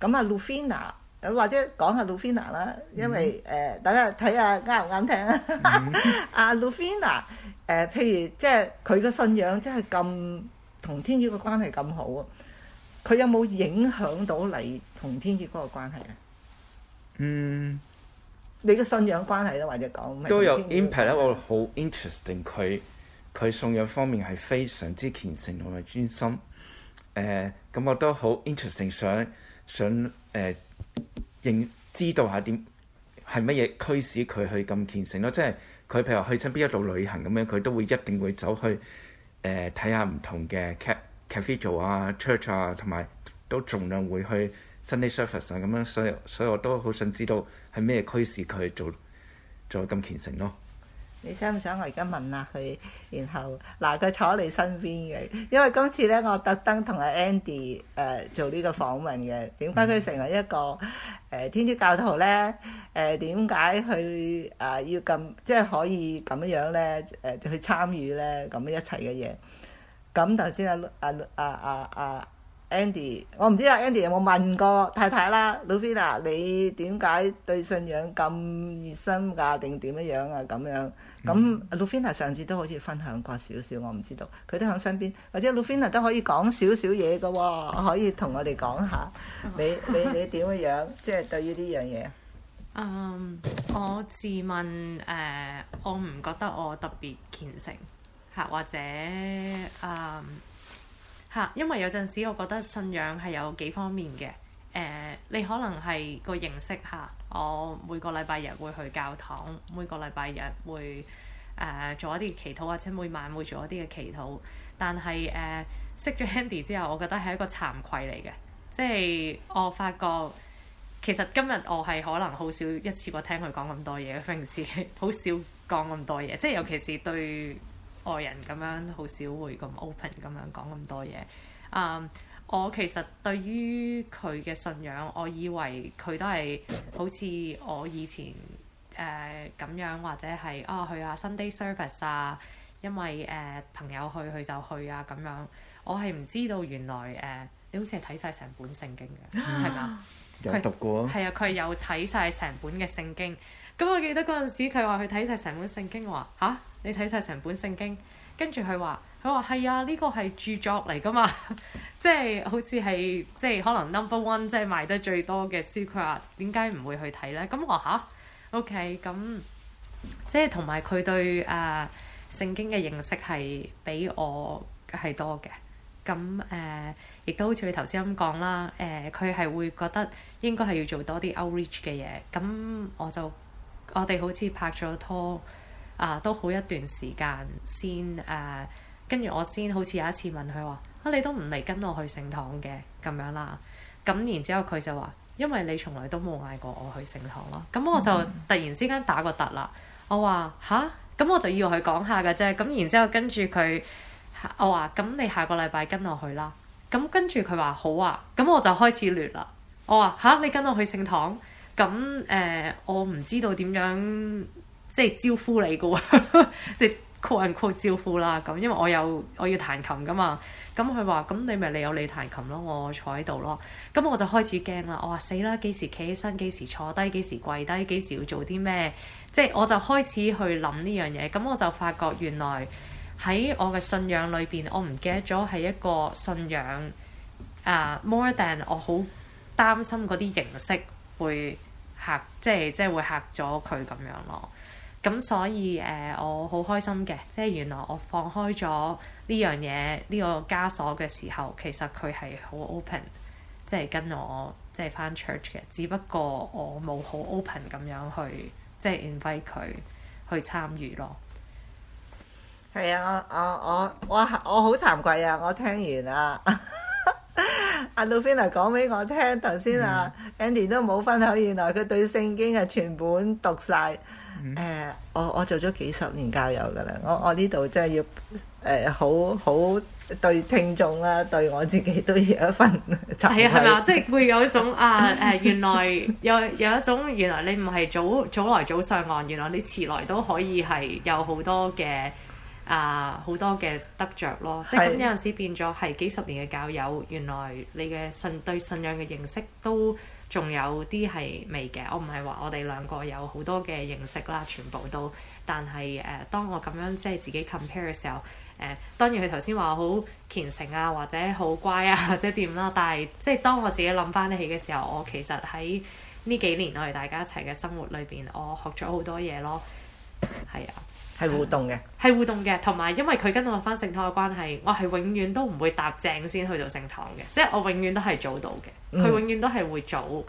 咁啊，Lufina，或者講下 Lufina 啦，因為誒大家、嗯呃、下睇下啱唔啱聽、 嗯、啊。阿 Lufina，誒、呃、譬如即係佢嘅信仰真係咁同天主嘅關係咁好啊，佢有冇影響到你同天主嗰個關係，嗯，你嘅信仰關係咧，或者講、嗯、都有 impact，我好 interesting 佢。佢送養方面係非常之虔誠同埋專心，誒、呃、咁我都好 interesting 想想誒、呃、認知道下點係乜嘢驅使佢去咁虔誠咯，即係佢譬如話去親邊一度旅行咁樣，佢都會一定會走去誒睇下唔同嘅 cap cathedral 啊 church 啊，同埋都盡量會去 Sunday service 啊咁樣，所以所以我都好想知道係咩驅使佢做做咁虔誠咯。你想唔想我而家問下佢？然後嗱，佢坐喺你身邊嘅，因為今次咧，我特登同阿 Andy 誒、呃、做呢個訪問嘅。點解佢成為一個誒、呃、天主教徒咧？誒點解佢啊要咁即係可以咁樣咧？就、呃、去參與咧咁一齊嘅嘢。咁頭先阿阿阿阿 Andy，我唔知阿、啊、Andy 有冇問過太太啦，Lovina 你點解對信仰咁熱心㗎？定點樣啊？咁樣。咁 Lufina 上次都好似分享過少少，我唔知道佢都喺身邊，或者 Lufina 都可以講少少嘢嘅喎，可以同我哋講下 你你你點樣，即係對於呢樣嘢。嗯，um, 我自問誒，uh, 我唔覺得我特別虔誠嚇，或者嗯嚇，um, 因為有陣時我覺得信仰係有幾方面嘅。誒，uh, 你可能係個形式嚇。我每個禮拜日會去教堂，每個禮拜日會誒、uh, 做一啲祈禱，或者每晚會做一啲嘅祈禱。但係誒，uh, 識咗 Andy 之後，我覺得係一個慚愧嚟嘅，即、就、係、是、我發覺其實今日我係可能好少一次過聽佢講咁多嘢，平時好 少講咁多嘢，即、就、係、是、尤其是對外人咁樣好少會咁 open 咁樣講咁多嘢。啊、um, 我其實對於佢嘅信仰，我以為佢都係好似我以前誒咁、呃、樣，或者係啊去下 Sunday service 啊，因為誒、呃、朋友去佢就去啊咁樣。我係唔知道原來誒、呃，你好似係睇晒成本聖經嘅，係咪啊？吧有讀過。係啊，佢有睇晒成本嘅聖經。咁我記得嗰陣時，佢話佢睇晒成本聖經，我話吓、啊、你睇晒成本聖經。跟住佢話：佢話係啊，呢、這個係著作嚟噶嘛。 即係好似係即係可能 number one，即係賣得最多嘅書，佢話點解唔會去睇呢？咁我話嚇，OK，咁即係同埋佢對誒聖、呃、經嘅認識係比我係多嘅。咁誒，亦、呃、都好似佢頭先咁講啦，誒佢係會覺得應該係要做多啲 outreach 嘅嘢。咁我就我哋好似拍咗拖，啊，都好一段時間先誒，跟、呃、住我先好似有一次問佢話，啊你都唔嚟跟我去聖堂嘅咁樣啦。咁、啊、然之後佢就話，因為你從來都冇嗌過我去聖堂咯。咁、啊、我就突然之間打個突啦。我話吓？咁、啊、我就要佢講下㗎啫。咁、啊、然之後跟住佢，我話咁你下個禮拜跟我去啦。咁跟住佢話好啊。咁、啊、我就開始亂啦。我話吓？你跟我去聖堂，咁、啊、誒我唔知道點樣。即係招呼你嘅喎，即係 call 人 call 招呼啦。咁因為我有我要彈琴噶嘛，咁佢話咁你咪你有你彈琴咯，我坐喺度咯。咁、嗯、我就開始驚啦。我話死啦，幾時企起身，幾時坐低，幾時跪低，幾時要做啲咩？即係我就開始去諗呢樣嘢。咁、嗯、我就發覺原來喺我嘅信仰裏邊，我唔記得咗係一個信仰啊。Uh, more than 我好擔心嗰啲形式會嚇，即係即係會嚇咗佢咁樣咯。咁所以誒、呃，我好開心嘅，即係原來我放開咗呢樣嘢呢個枷鎖嘅時候，其實佢係好 open，即係跟我即係翻 church 嘅。只不過我冇好 open 咁樣去，即係 invite 佢去參與咯。係啊，我我我我好慚愧啊！我聽完 我聽啊，阿 Luffy 講俾我聽頭先啊，Andy 都冇分享。原來佢對聖經係全本讀晒。誒、uh，我我做咗幾十年教友㗎喇，我我呢度真係要誒、呃、好好對聽眾啦，對我自己都有一份。係啊，係嘛？即係會有一種啊誒、呃，原來有有一種原來你唔係早早來早上岸，原來你遲來都可以係有好多嘅啊，好多嘅得着咯。即係咁有陣時變咗係幾十年嘅教友，原來你嘅信對信仰嘅認識都。仲有啲係未嘅，我唔係話我哋兩個有好多嘅認識啦，全部都。但係誒、呃，當我咁樣即係自己 compare 嘅時候，誒、呃、當然佢頭先話好虔誠啊，或者好乖啊，或者點啦。但係即係當我自己諗翻起嘅時候，我其實喺呢幾年我哋大家一齊嘅生活裏邊，我學咗好多嘢咯。係啊，係互動嘅，啊、係互動嘅，同埋因為佢跟我翻聖堂嘅關係，我係永遠都唔會踏正先去到聖堂嘅，即係我永遠都係早到嘅。佢、嗯、永遠都係會早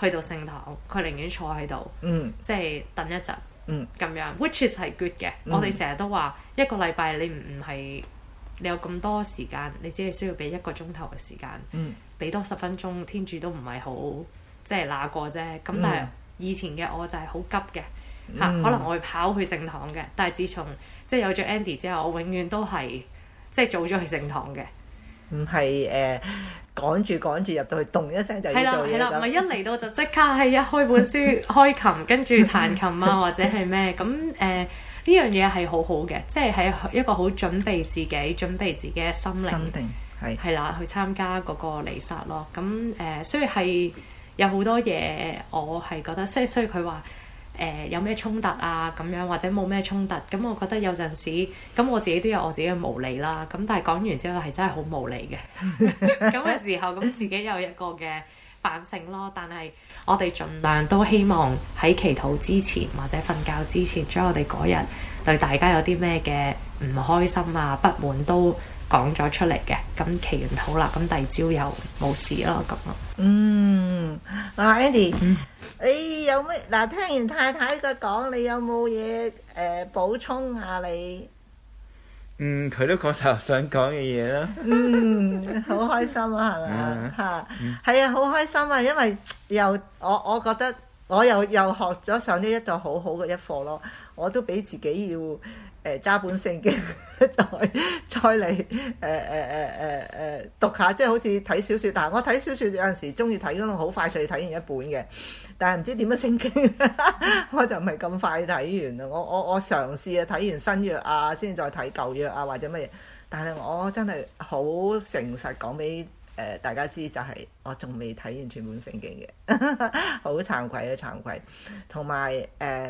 去到聖堂，佢寧願坐喺度，嗯、即係等一陣咁、嗯、樣，which is 係 good 嘅。嗯、我哋成日都話一個禮拜你唔唔係你有咁多時間，你只係需要俾一個鐘頭嘅時間，俾、嗯、多十分鐘天主都唔係好即係哪個啫。咁但係以前嘅我就係好急嘅，嚇、嗯、可能我會跑去聖堂嘅。但係自從即係有咗 Andy 之後，我永遠都係即係早咗去聖堂嘅。唔係誒，趕住趕住入到去，咚一聲就要做嘢。係啦， 係啦，唔係一嚟到就即刻係一開本書， 開琴，跟住彈琴啊，或者係咩？咁誒呢樣嘢係好好嘅，即係係一個好準備自己、準備自己嘅心靈。心定係係啦，去參加嗰個彌撒咯。咁誒、呃，所以係有好多嘢，我係覺得，即係所以佢話。誒、呃、有咩衝突啊，咁樣，或者冇咩衝突，咁我覺得有陣時，咁我自己都有我自己嘅無理啦。咁但係講完之後係真係好無理嘅，咁 嘅時候咁自己有一個嘅反省咯。但係我哋盡量都希望喺祈禱之前或者瞓覺之前，將我哋嗰日對大家有啲咩嘅唔開心啊、不滿都。講咗出嚟嘅，咁奇完好啦，咁第二朝又冇事咯，咁咯。嗯，啊 Eddie，你、嗯哎、有咩嗱、啊？聽完太太嘅講，你有冇嘢誒補充下你？嗯，佢都講晒想講嘅嘢啦。 嗯，好開心啊，係咪 啊？吓、嗯，係啊，好開心啊，因為又我我覺得我又又學咗上呢一堂好好嘅一課咯，我都俾自己要。誒揸、欸、本聖經，再再嚟誒誒誒誒誒讀下，即係好似睇小説。但係我睇小説有陣時中意睇嗰種好快速睇完一本嘅，但係唔知點樣聖經， 我就唔係咁快睇完啦。我我我嘗試啊睇完新約啊，先再睇舊約啊或者乜嘢。但係我真係好誠實講俾誒大家知，就係、是、我仲未睇完全本聖經嘅，好 慚愧啊慚愧。同埋誒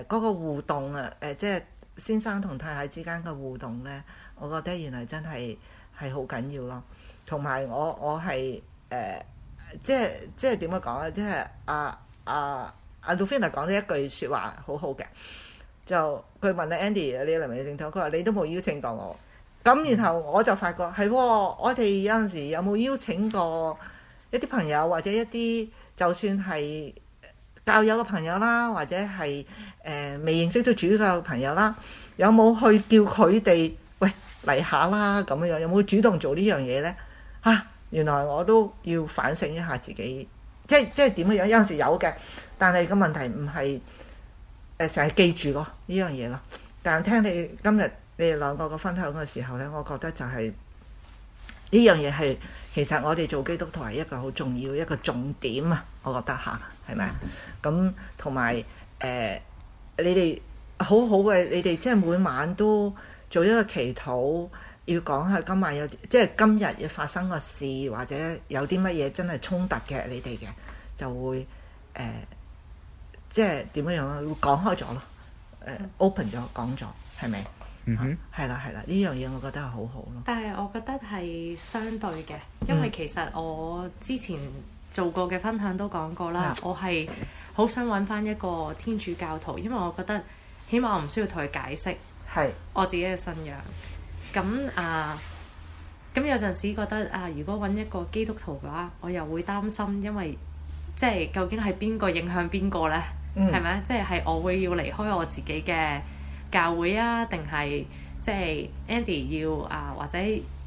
嗰個互動啊誒、呃、即係。先生同太太之間嘅互動呢，我覺得原來真係係好緊要咯。同埋我我係誒、呃，即係即係點樣講呢？即係阿阿阿 Lucinda 講咗一句説話，好好嘅。就佢問阿 Andy 你啲嚟唔嚟正統？佢話你都冇邀請過我。咁然後我就發覺係喎，我哋有陣時有冇邀請過一啲朋友或者一啲就算係。教友嘅朋友啦，或者係誒、呃、未認識到主教嘅朋友啦，有冇去叫佢哋喂，嚟下啦咁樣，有冇主動做呢樣嘢呢？嚇、啊，原來我都要反省一下自己，即係即係點樣樣？有陣時有嘅，但係個問題唔係誒，就、呃、係記住咯呢樣嘢咯。但聽你今日你哋兩個嘅分享嘅時候呢，我覺得就係、係、呢樣嘢係其實我哋做基督徒係一個好重要一個重點啊，我覺得嚇。啊係咪啊？咁同埋誒，你哋好好嘅，你哋即係每晚都做一個祈禱，要講下今晚有即係、就是、今日要發生個事，或者有啲乜嘢真係衝突嘅，你哋嘅就會誒，即係點樣樣咯、呃 mm hmm.？會講開咗咯，誒，open 咗講咗，係咪、mm？嗯、hmm. 哼，係啦係啦，呢樣嘢我覺得係好好咯。但係我覺得係相對嘅，因為其實我之前、mm。Hmm. 做過嘅分享都講過啦，Yeah. 我係好想揾翻一個天主教徒，因為我覺得，起碼我唔需要同佢解釋我自己嘅信仰。咁 Yeah. 啊，咁有陣時覺得啊，如果揾一個基督徒嘅話，我又會擔心，因為即係、就是、究竟係邊個影響邊個呢？係咪、mm.？即係係我會要離開我自己嘅教會啊，定係即係 Andy 要啊，或者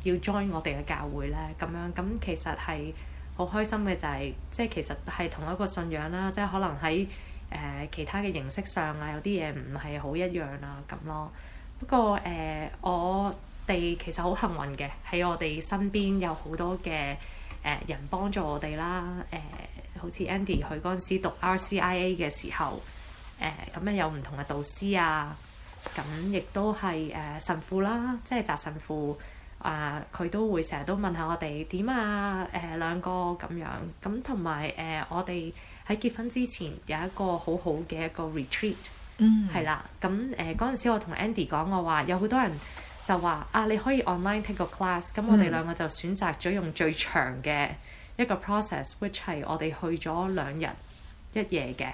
要 join 我哋嘅教會呢？咁樣咁其實係。好開心嘅就係、是，即係其實係同一個信仰啦，即係可能喺誒、呃、其他嘅形式上啊，有啲嘢唔係好一樣啊咁咯。不過誒、呃，我哋其實好幸運嘅，喺我哋身邊有好多嘅誒、呃、人幫助我哋啦。誒、呃，好似 Andy 佢嗰陣時讀 RCIA 嘅時候，誒咁樣有唔同嘅導師啊，咁亦都係誒神父啦，即係習神父。Uh, 問問啊！佢都會成日都問下我哋點啊？誒兩個咁樣咁，同埋誒我哋喺結婚之前有一個好好嘅一個 retreat，係啦、嗯。咁誒嗰陣時我，我同 Andy 講我話有好多人就話啊，你可以 online take 個 class。咁我哋兩個就選擇咗用最長嘅一個 process，which、嗯、係我哋去咗兩日一夜嘅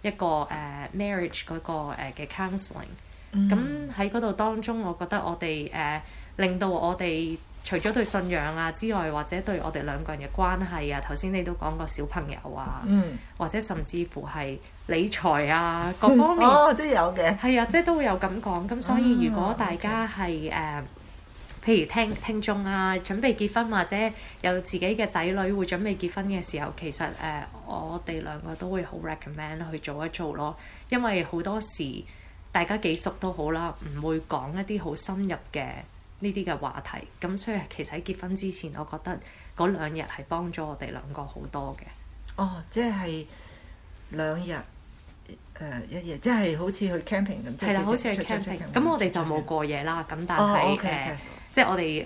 一個誒、呃、marriage 嗰、嗰個嘅、呃、counseling。咁喺嗰度當中，我覺得我哋誒。呃令到我哋除咗對信仰啊之外，或者對我哋兩個人嘅關係啊，頭先你都講過小朋友啊，嗯、或者甚至乎係理財啊、嗯、各方面哦，都有嘅係啊，即、就、係、係、都會有咁講咁。所以如果大家係誒，哦 okay、譬如聽聽眾啊，準備結婚或者有自己嘅仔女會準備結婚嘅時候，其實誒、呃、我哋兩個都會好 recommend 去做一做咯，因為好多時大家幾熟都好啦，唔會講一啲好深入嘅。呢啲嘅話題，咁所以其實喺結婚之前，我覺得嗰兩日係幫咗我哋兩個好多嘅。哦，即係兩日誒一夜，即係好似去 camping 咁。係啦，好似去 camping 咁，我哋就冇過夜啦。咁但係誒，即係我哋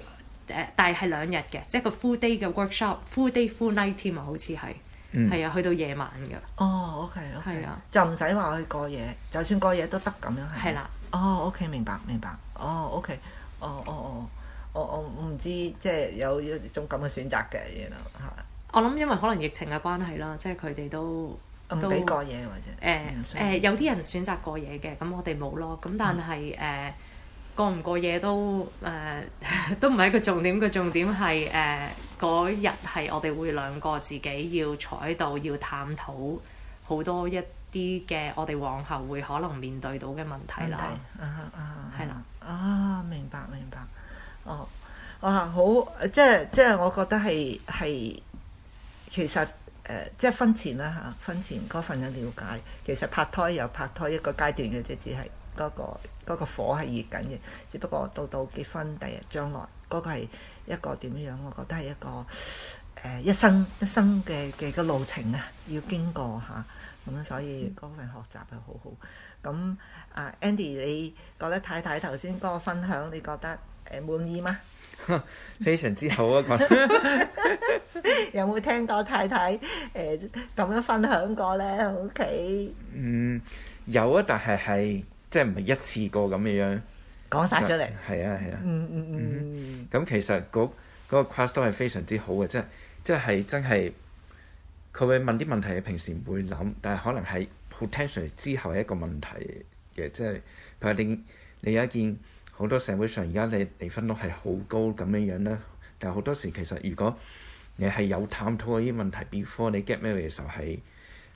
誒，但係係兩日嘅，即係個 full day 嘅 workshop，full day full night team 啊，好似係係啊，去到夜晚嘅哦，OK，OK，係啊，就唔使話去過夜，就算過夜都得咁樣係。係啦。哦，OK，明白明白。哦，OK。哦哦哦，我我唔知即係有一種咁嘅選擇嘅嘢，咯嚇。我諗因為可能疫情嘅關係啦，即係佢哋都都俾過夜嘅啫。誒誒有啲人選擇過夜嘅，咁我哋冇咯。咁但係誒過唔過夜都誒都唔係一個重點，個重點係誒嗰日係我哋會兩個自己要採到要探討好多一啲嘅我哋往後會可能面對到嘅問題啦。啊係啦。啊～明白明白，哦，哇、啊、好，即係即係，我覺得係係，其實誒、呃，即係婚前啦嚇、啊，婚前嗰份嘅了解，其實拍拖有拍拖一個階段嘅啫，只係嗰個嗰個火係熱緊嘅，只不過到到結婚第日將來嗰、那個係一個點樣？我覺得係一個誒、呃、一生一生嘅嘅個路程啊，要經過嚇，咁、啊、所以嗰份學習係好好咁。啊，Andy，你覺得太太頭先嗰個分享，你覺得誒、呃、滿意嗎？非常之好啊，個 有冇聽過太太誒咁、呃、樣分享過呢？喺屋企嗯有啊，但係係即係唔係一次過咁嘅樣講晒出嚟係啊係啊，啊，啊嗯嗯嗯咁、嗯嗯嗯、其實嗰、嗰個 class、那個、都係非常之好嘅，即係即係、就是、真係佢會問啲問題，你平時唔會諗，但係可能係 potential 之後係一個問題。嘅，即係，譬如你你有一件好多社會上而家你離婚率係好高咁樣樣啦。但係好多時其實如果你係有探討過呢啲問題 before 你 get married 嘅時候，係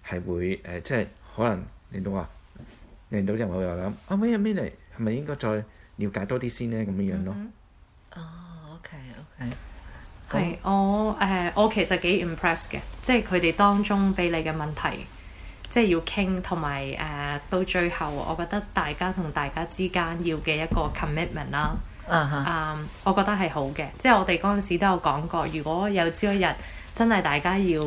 係會誒、呃、即係可能令到話令到啲人我又諗，阿 m a May 嚟係咪應該再了解多啲先呢？咁樣樣咯。哦、mm hmm. oh，OK OK，係我誒、uh, 我其實幾 impressed 嘅，即係佢哋當中俾你嘅問題。即係要傾，同埋誒到最後，我覺得大家同大家之間要嘅一個 commitment 啦、uh，啊、huh. 呃，我覺得係好嘅。即係我哋嗰陣時都有講過，如果有朝一日真係大家要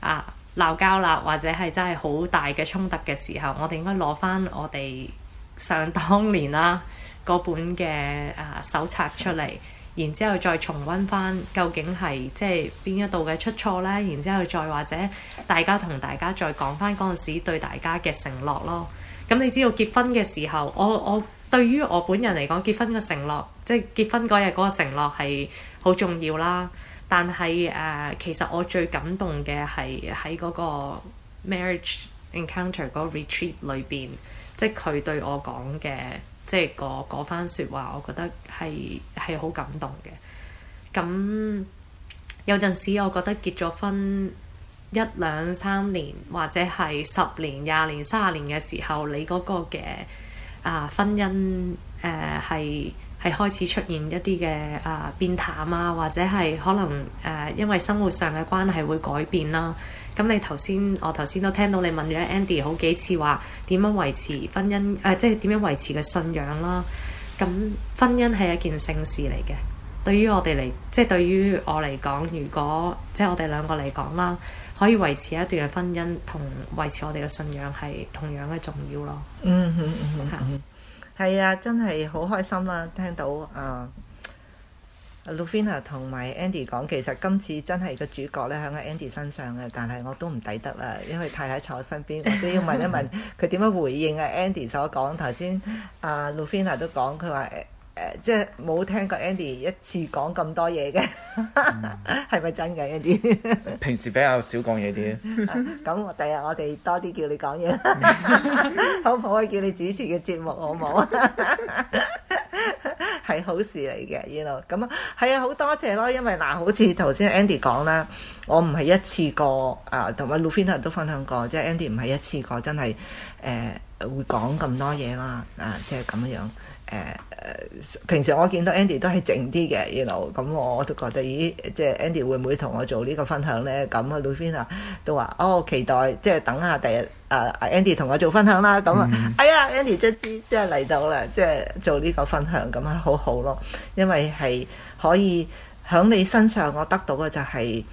啊鬧交啦，或者係真係好大嘅衝突嘅時候，我哋應該攞翻我哋上當年啦、啊、嗰本嘅啊、呃、手冊出嚟。然之後再重溫翻，究竟係即係邊一度嘅出錯呢？然之後再或者大家同大家再講翻嗰陣時對大家嘅承諾咯。咁、嗯、你知道結婚嘅時候，我我對於我本人嚟講結婚嘅承諾，即係結婚嗰日嗰個承諾係好重要啦。但係誒、呃，其實我最感動嘅係喺嗰個 marriage encounter 嗰個 retreat 裏邊，即係佢對我講嘅。即係個嗰番説話，我覺得係係好感動嘅。咁有陣時，我覺得結咗婚一兩三年，或者係十年、廿年、三十年嘅時候，你嗰個嘅啊婚姻誒係係開始出現一啲嘅啊變淡啊，或者係可能誒、啊、因為生活上嘅關係會改變啦、啊。咁你頭先，我頭先都聽到你問咗 Andy 好幾次話點樣維持婚姻，誒、呃、即係點樣維持嘅信仰啦。咁、嗯、婚姻係一件聖事嚟嘅，對於我哋嚟，即係對於我嚟講，如果即係我哋兩個嚟講啦，可以維持一段嘅婚姻，同維持我哋嘅信仰係同樣嘅重要咯。嗯哼、嗯哼、嗯哼，嚇、嗯哼，係啊，真係好開心啦、啊，聽到啊！Uh 阿 Lufina 同埋 Andy 講，其實今次真係個主角咧喺 Andy 身上嘅，但係我都唔抵得啦，因為太太坐身邊我身邊，都要問一問佢點樣回應啊 Andy 所講頭先。阿、uh, Lufina 都講，佢話誒誒，即係冇聽過 Andy 一次講咁多嘢嘅，係 咪、嗯、真嘅 Andy？ 平時比較少講嘢啲。咁第日我哋多啲叫你講嘢啦， 好唔可以叫你主持嘅節目好唔好啊？ 係好事嚟嘅，You know 咁啊，係啊，好多謝咯，因為嗱，好似頭先 Andy 講啦，我唔係一次過啊，同埋 Lufina 都分享過，即係 Andy 唔係一次過真係誒、呃、會講咁多嘢啦，啊，即係咁樣。誒誒，uh, 平時我見到 Andy 都係靜啲嘅，然後咁我都覺得，咦，即係 Andy 會唔會同我做呢個分享咧？咁啊，Lucina 都話：哦，期待，即係等下第日啊、uh, Andy 同我做分享啦。咁啊，mm hmm. 哎呀，Andy 卒之即係嚟到啦，即係做呢個分享，咁啊，好好咯。因為係可以喺你身上，我得到嘅就係、是、誒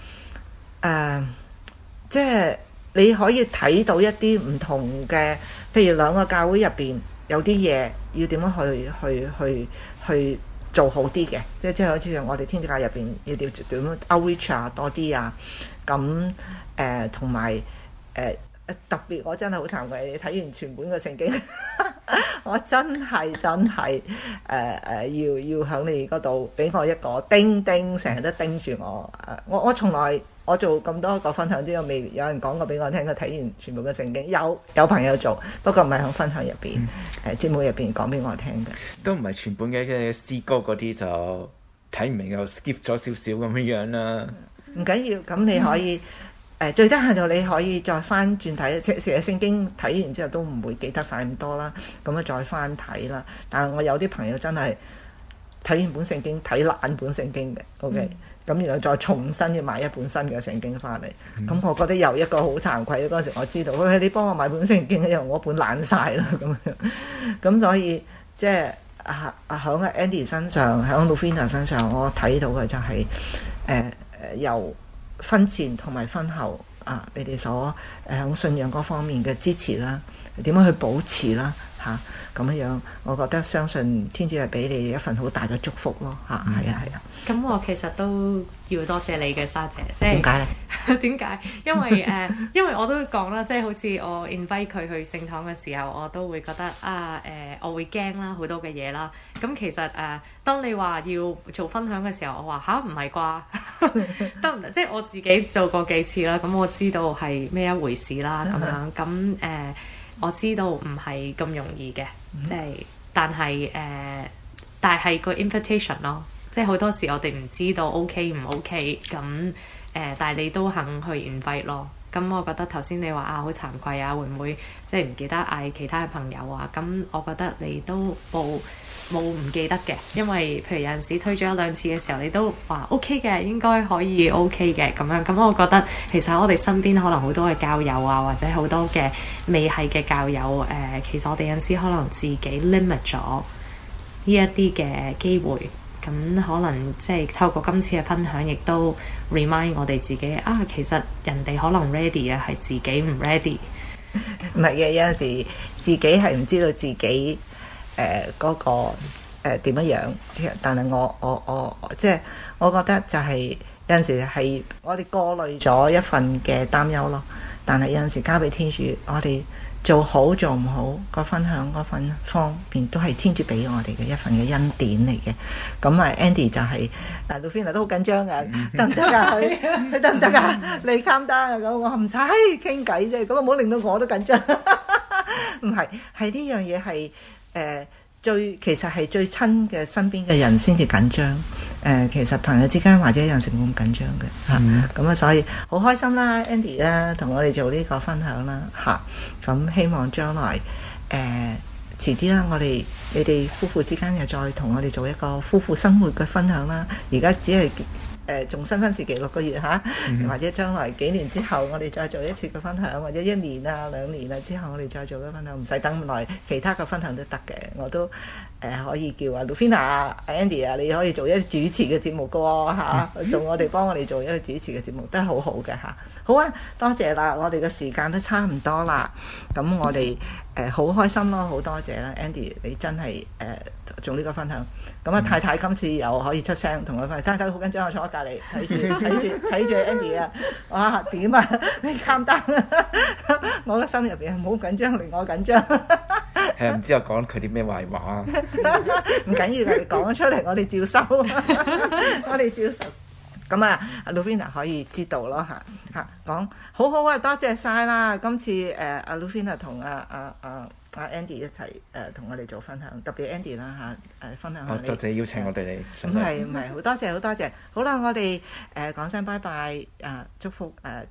，uh, 即係你可以睇到一啲唔同嘅，譬如兩個教會入邊。有啲嘢要點樣去去去去做好啲嘅，即即係好似我哋天主教入邊要點點 outreach 啊多啲啊，咁誒同埋誒特別，我真係好慚愧，你睇完全本嘅聖經， 我真係真係誒誒要要響你嗰度俾我一個叮叮，成日都叮住我，呃，我，我我從來。我做咁多個分享之後，未有人講過俾我聽。佢睇完全部嘅聖經，有有朋友做，不過唔係響分享入邊，嗯、誒節目入邊講俾我聽嘅。都唔係全本嘅，嘅詩歌嗰啲就睇唔明又 skip 咗少少咁樣樣、啊、啦。唔緊要，咁你可以誒、呃，最低限度你可以再翻轉睇，即係聖經睇完之後都唔會記得晒咁多啦。咁啊再翻睇啦。但係我有啲朋友真係睇完本聖經睇爛本聖經嘅。OK、嗯。咁然後再重新要買一本新嘅聖經翻嚟，咁、嗯、我覺得又一個好慚愧。嗰陣時我知道，喂，你幫我買本聖經，因為我本爛晒啦。咁咁所以即係啊啊響阿 Andy 身上，響 Lucina 身上我、就是，我睇到嘅就係誒誒由婚前同埋婚後，啊、呃，你哋所誒響信仰嗰方面嘅支持啦，點樣去保持啦？嚇咁樣樣，我覺得相信天主係俾你一份好大嘅祝福咯嚇，係啊係啊。咁、嗯、的我其實都要多謝你嘅沙姐，即係點解咧？點解？ 因為誒、啊，因為我都講啦，即、就、係、是、好似我 invite 佢去聖堂嘅時候，我都會覺得啊誒、欸，我會驚啦好多嘅嘢啦。咁、啊、其實誒、啊，當你話要做分享嘅時候，我話吓唔係啩，得唔得？即係、 啊、 我自己做過幾次啦，咁、啊嗯、我知道係咩一回事啦咁、啊、樣咁誒。啊啊我知道唔係咁容易嘅，即係但係誒，但係、呃、個 invitation 咯，即係好多時我哋唔知道 O K 唔 O K，咁誒，但係你都肯去 invite 咯，咁、嗯、我覺得頭先你話啊好慚愧啊，會唔會即係唔記得嗌其他嘅朋友啊？咁、嗯、我覺得你都報。冇唔記得嘅，因為譬如有陣時推咗一兩次嘅時候，你都話 OK 嘅，應該可以 OK 嘅咁樣。咁我覺得其實我哋身邊可能好多嘅教友啊，或者好多嘅未係嘅教友誒、呃，其實我哋有陣時可能自己 limit 咗呢一啲嘅機會。咁可能即係透過今次嘅分享，亦都 remind 我哋自己啊，其實人哋可能 ready 啊，係自己唔 ready。唔係嘅，有陣時自己係唔知道自己。誒嗰、呃那個誒點、呃、樣？但係我我我即係、就是、我覺得就係有陣時係我哋過濾咗一份嘅擔憂咯。但係有陣時交俾天主，我哋做好做唔好、那個分享嗰份、那個、方便都係天主俾我哋嘅一份嘅恩典嚟嘅。咁啊 Andy 就係啊 Lufina 都好緊張㗎，得唔得啊？佢佢得唔得啊？你擔擔啊咁，我唔使傾偈啫。咁啊，唔好令到我都緊張。唔係，係呢樣嘢係。行誒、呃、最其實係最親嘅身邊嘅人先至緊張，誒、呃、其實朋友之間或者有陣時冇咁緊張嘅嚇，咁啊、mm hmm. 嗯、所以好開心啦 Andy 啦，同我哋做呢個分享啦嚇，咁、啊嗯、希望將來誒遲啲啦，我哋你哋夫婦之間又再同我哋做一個夫婦生活嘅分享啦，而家只係。誒仲新婚時期六個月嚇，啊 mm hmm. 或者將來幾年之後，我哋再做一次嘅分享，或者一年啊、兩年啊之後，我哋再做嘅分享，唔使等咁耐，其他嘅分享都得嘅。我都誒、呃、可以叫阿 Lucinda、啊、Andy 啊，你可以做一個主持嘅節目嘅喎、啊、做我哋幫我哋做一個主持嘅節目，都係好好嘅嚇。好啊，多謝啦，我哋嘅時間都差唔多啦。咁我哋誒好開心咯、啊，好多謝啦，Andy 你真係誒、呃、做呢個分享。咁啊，嗯、太太今次又可以出聲同佢，但係太太好緊張，我坐喺隔離睇住睇住睇住 Andy 啊，哇，點啊，你攤單啊， 我個心入邊好緊張，令我緊張。係 啊，唔知我講佢啲咩壞話。唔緊要，你講出嚟，我哋照收。 我哋照收。咁啊，阿 Lufina 可以知道咯嚇嚇，講好好啊，多謝晒啦，今次誒阿 Lufina 同阿阿阿。呃啊阿 Andy 一齊誒同我哋做分享，特別 Andy 啦、啊、嚇誒、啊、分享下。多謝邀請我哋嚟。唔係唔係，好多謝好多謝。好啦，我哋誒講聲拜拜，誒、呃、祝福誒、呃、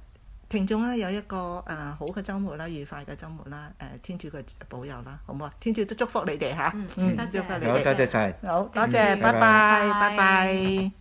聽眾咧、呃、有一個誒、呃、好嘅周末啦，愉快嘅周末啦，誒天主嘅保佑啦，好唔好啊？天主都祝福你哋嚇、啊嗯。嗯，祝福你哋。多謝晒！好，多謝，嗯、拜拜，拜拜。拜拜拜拜。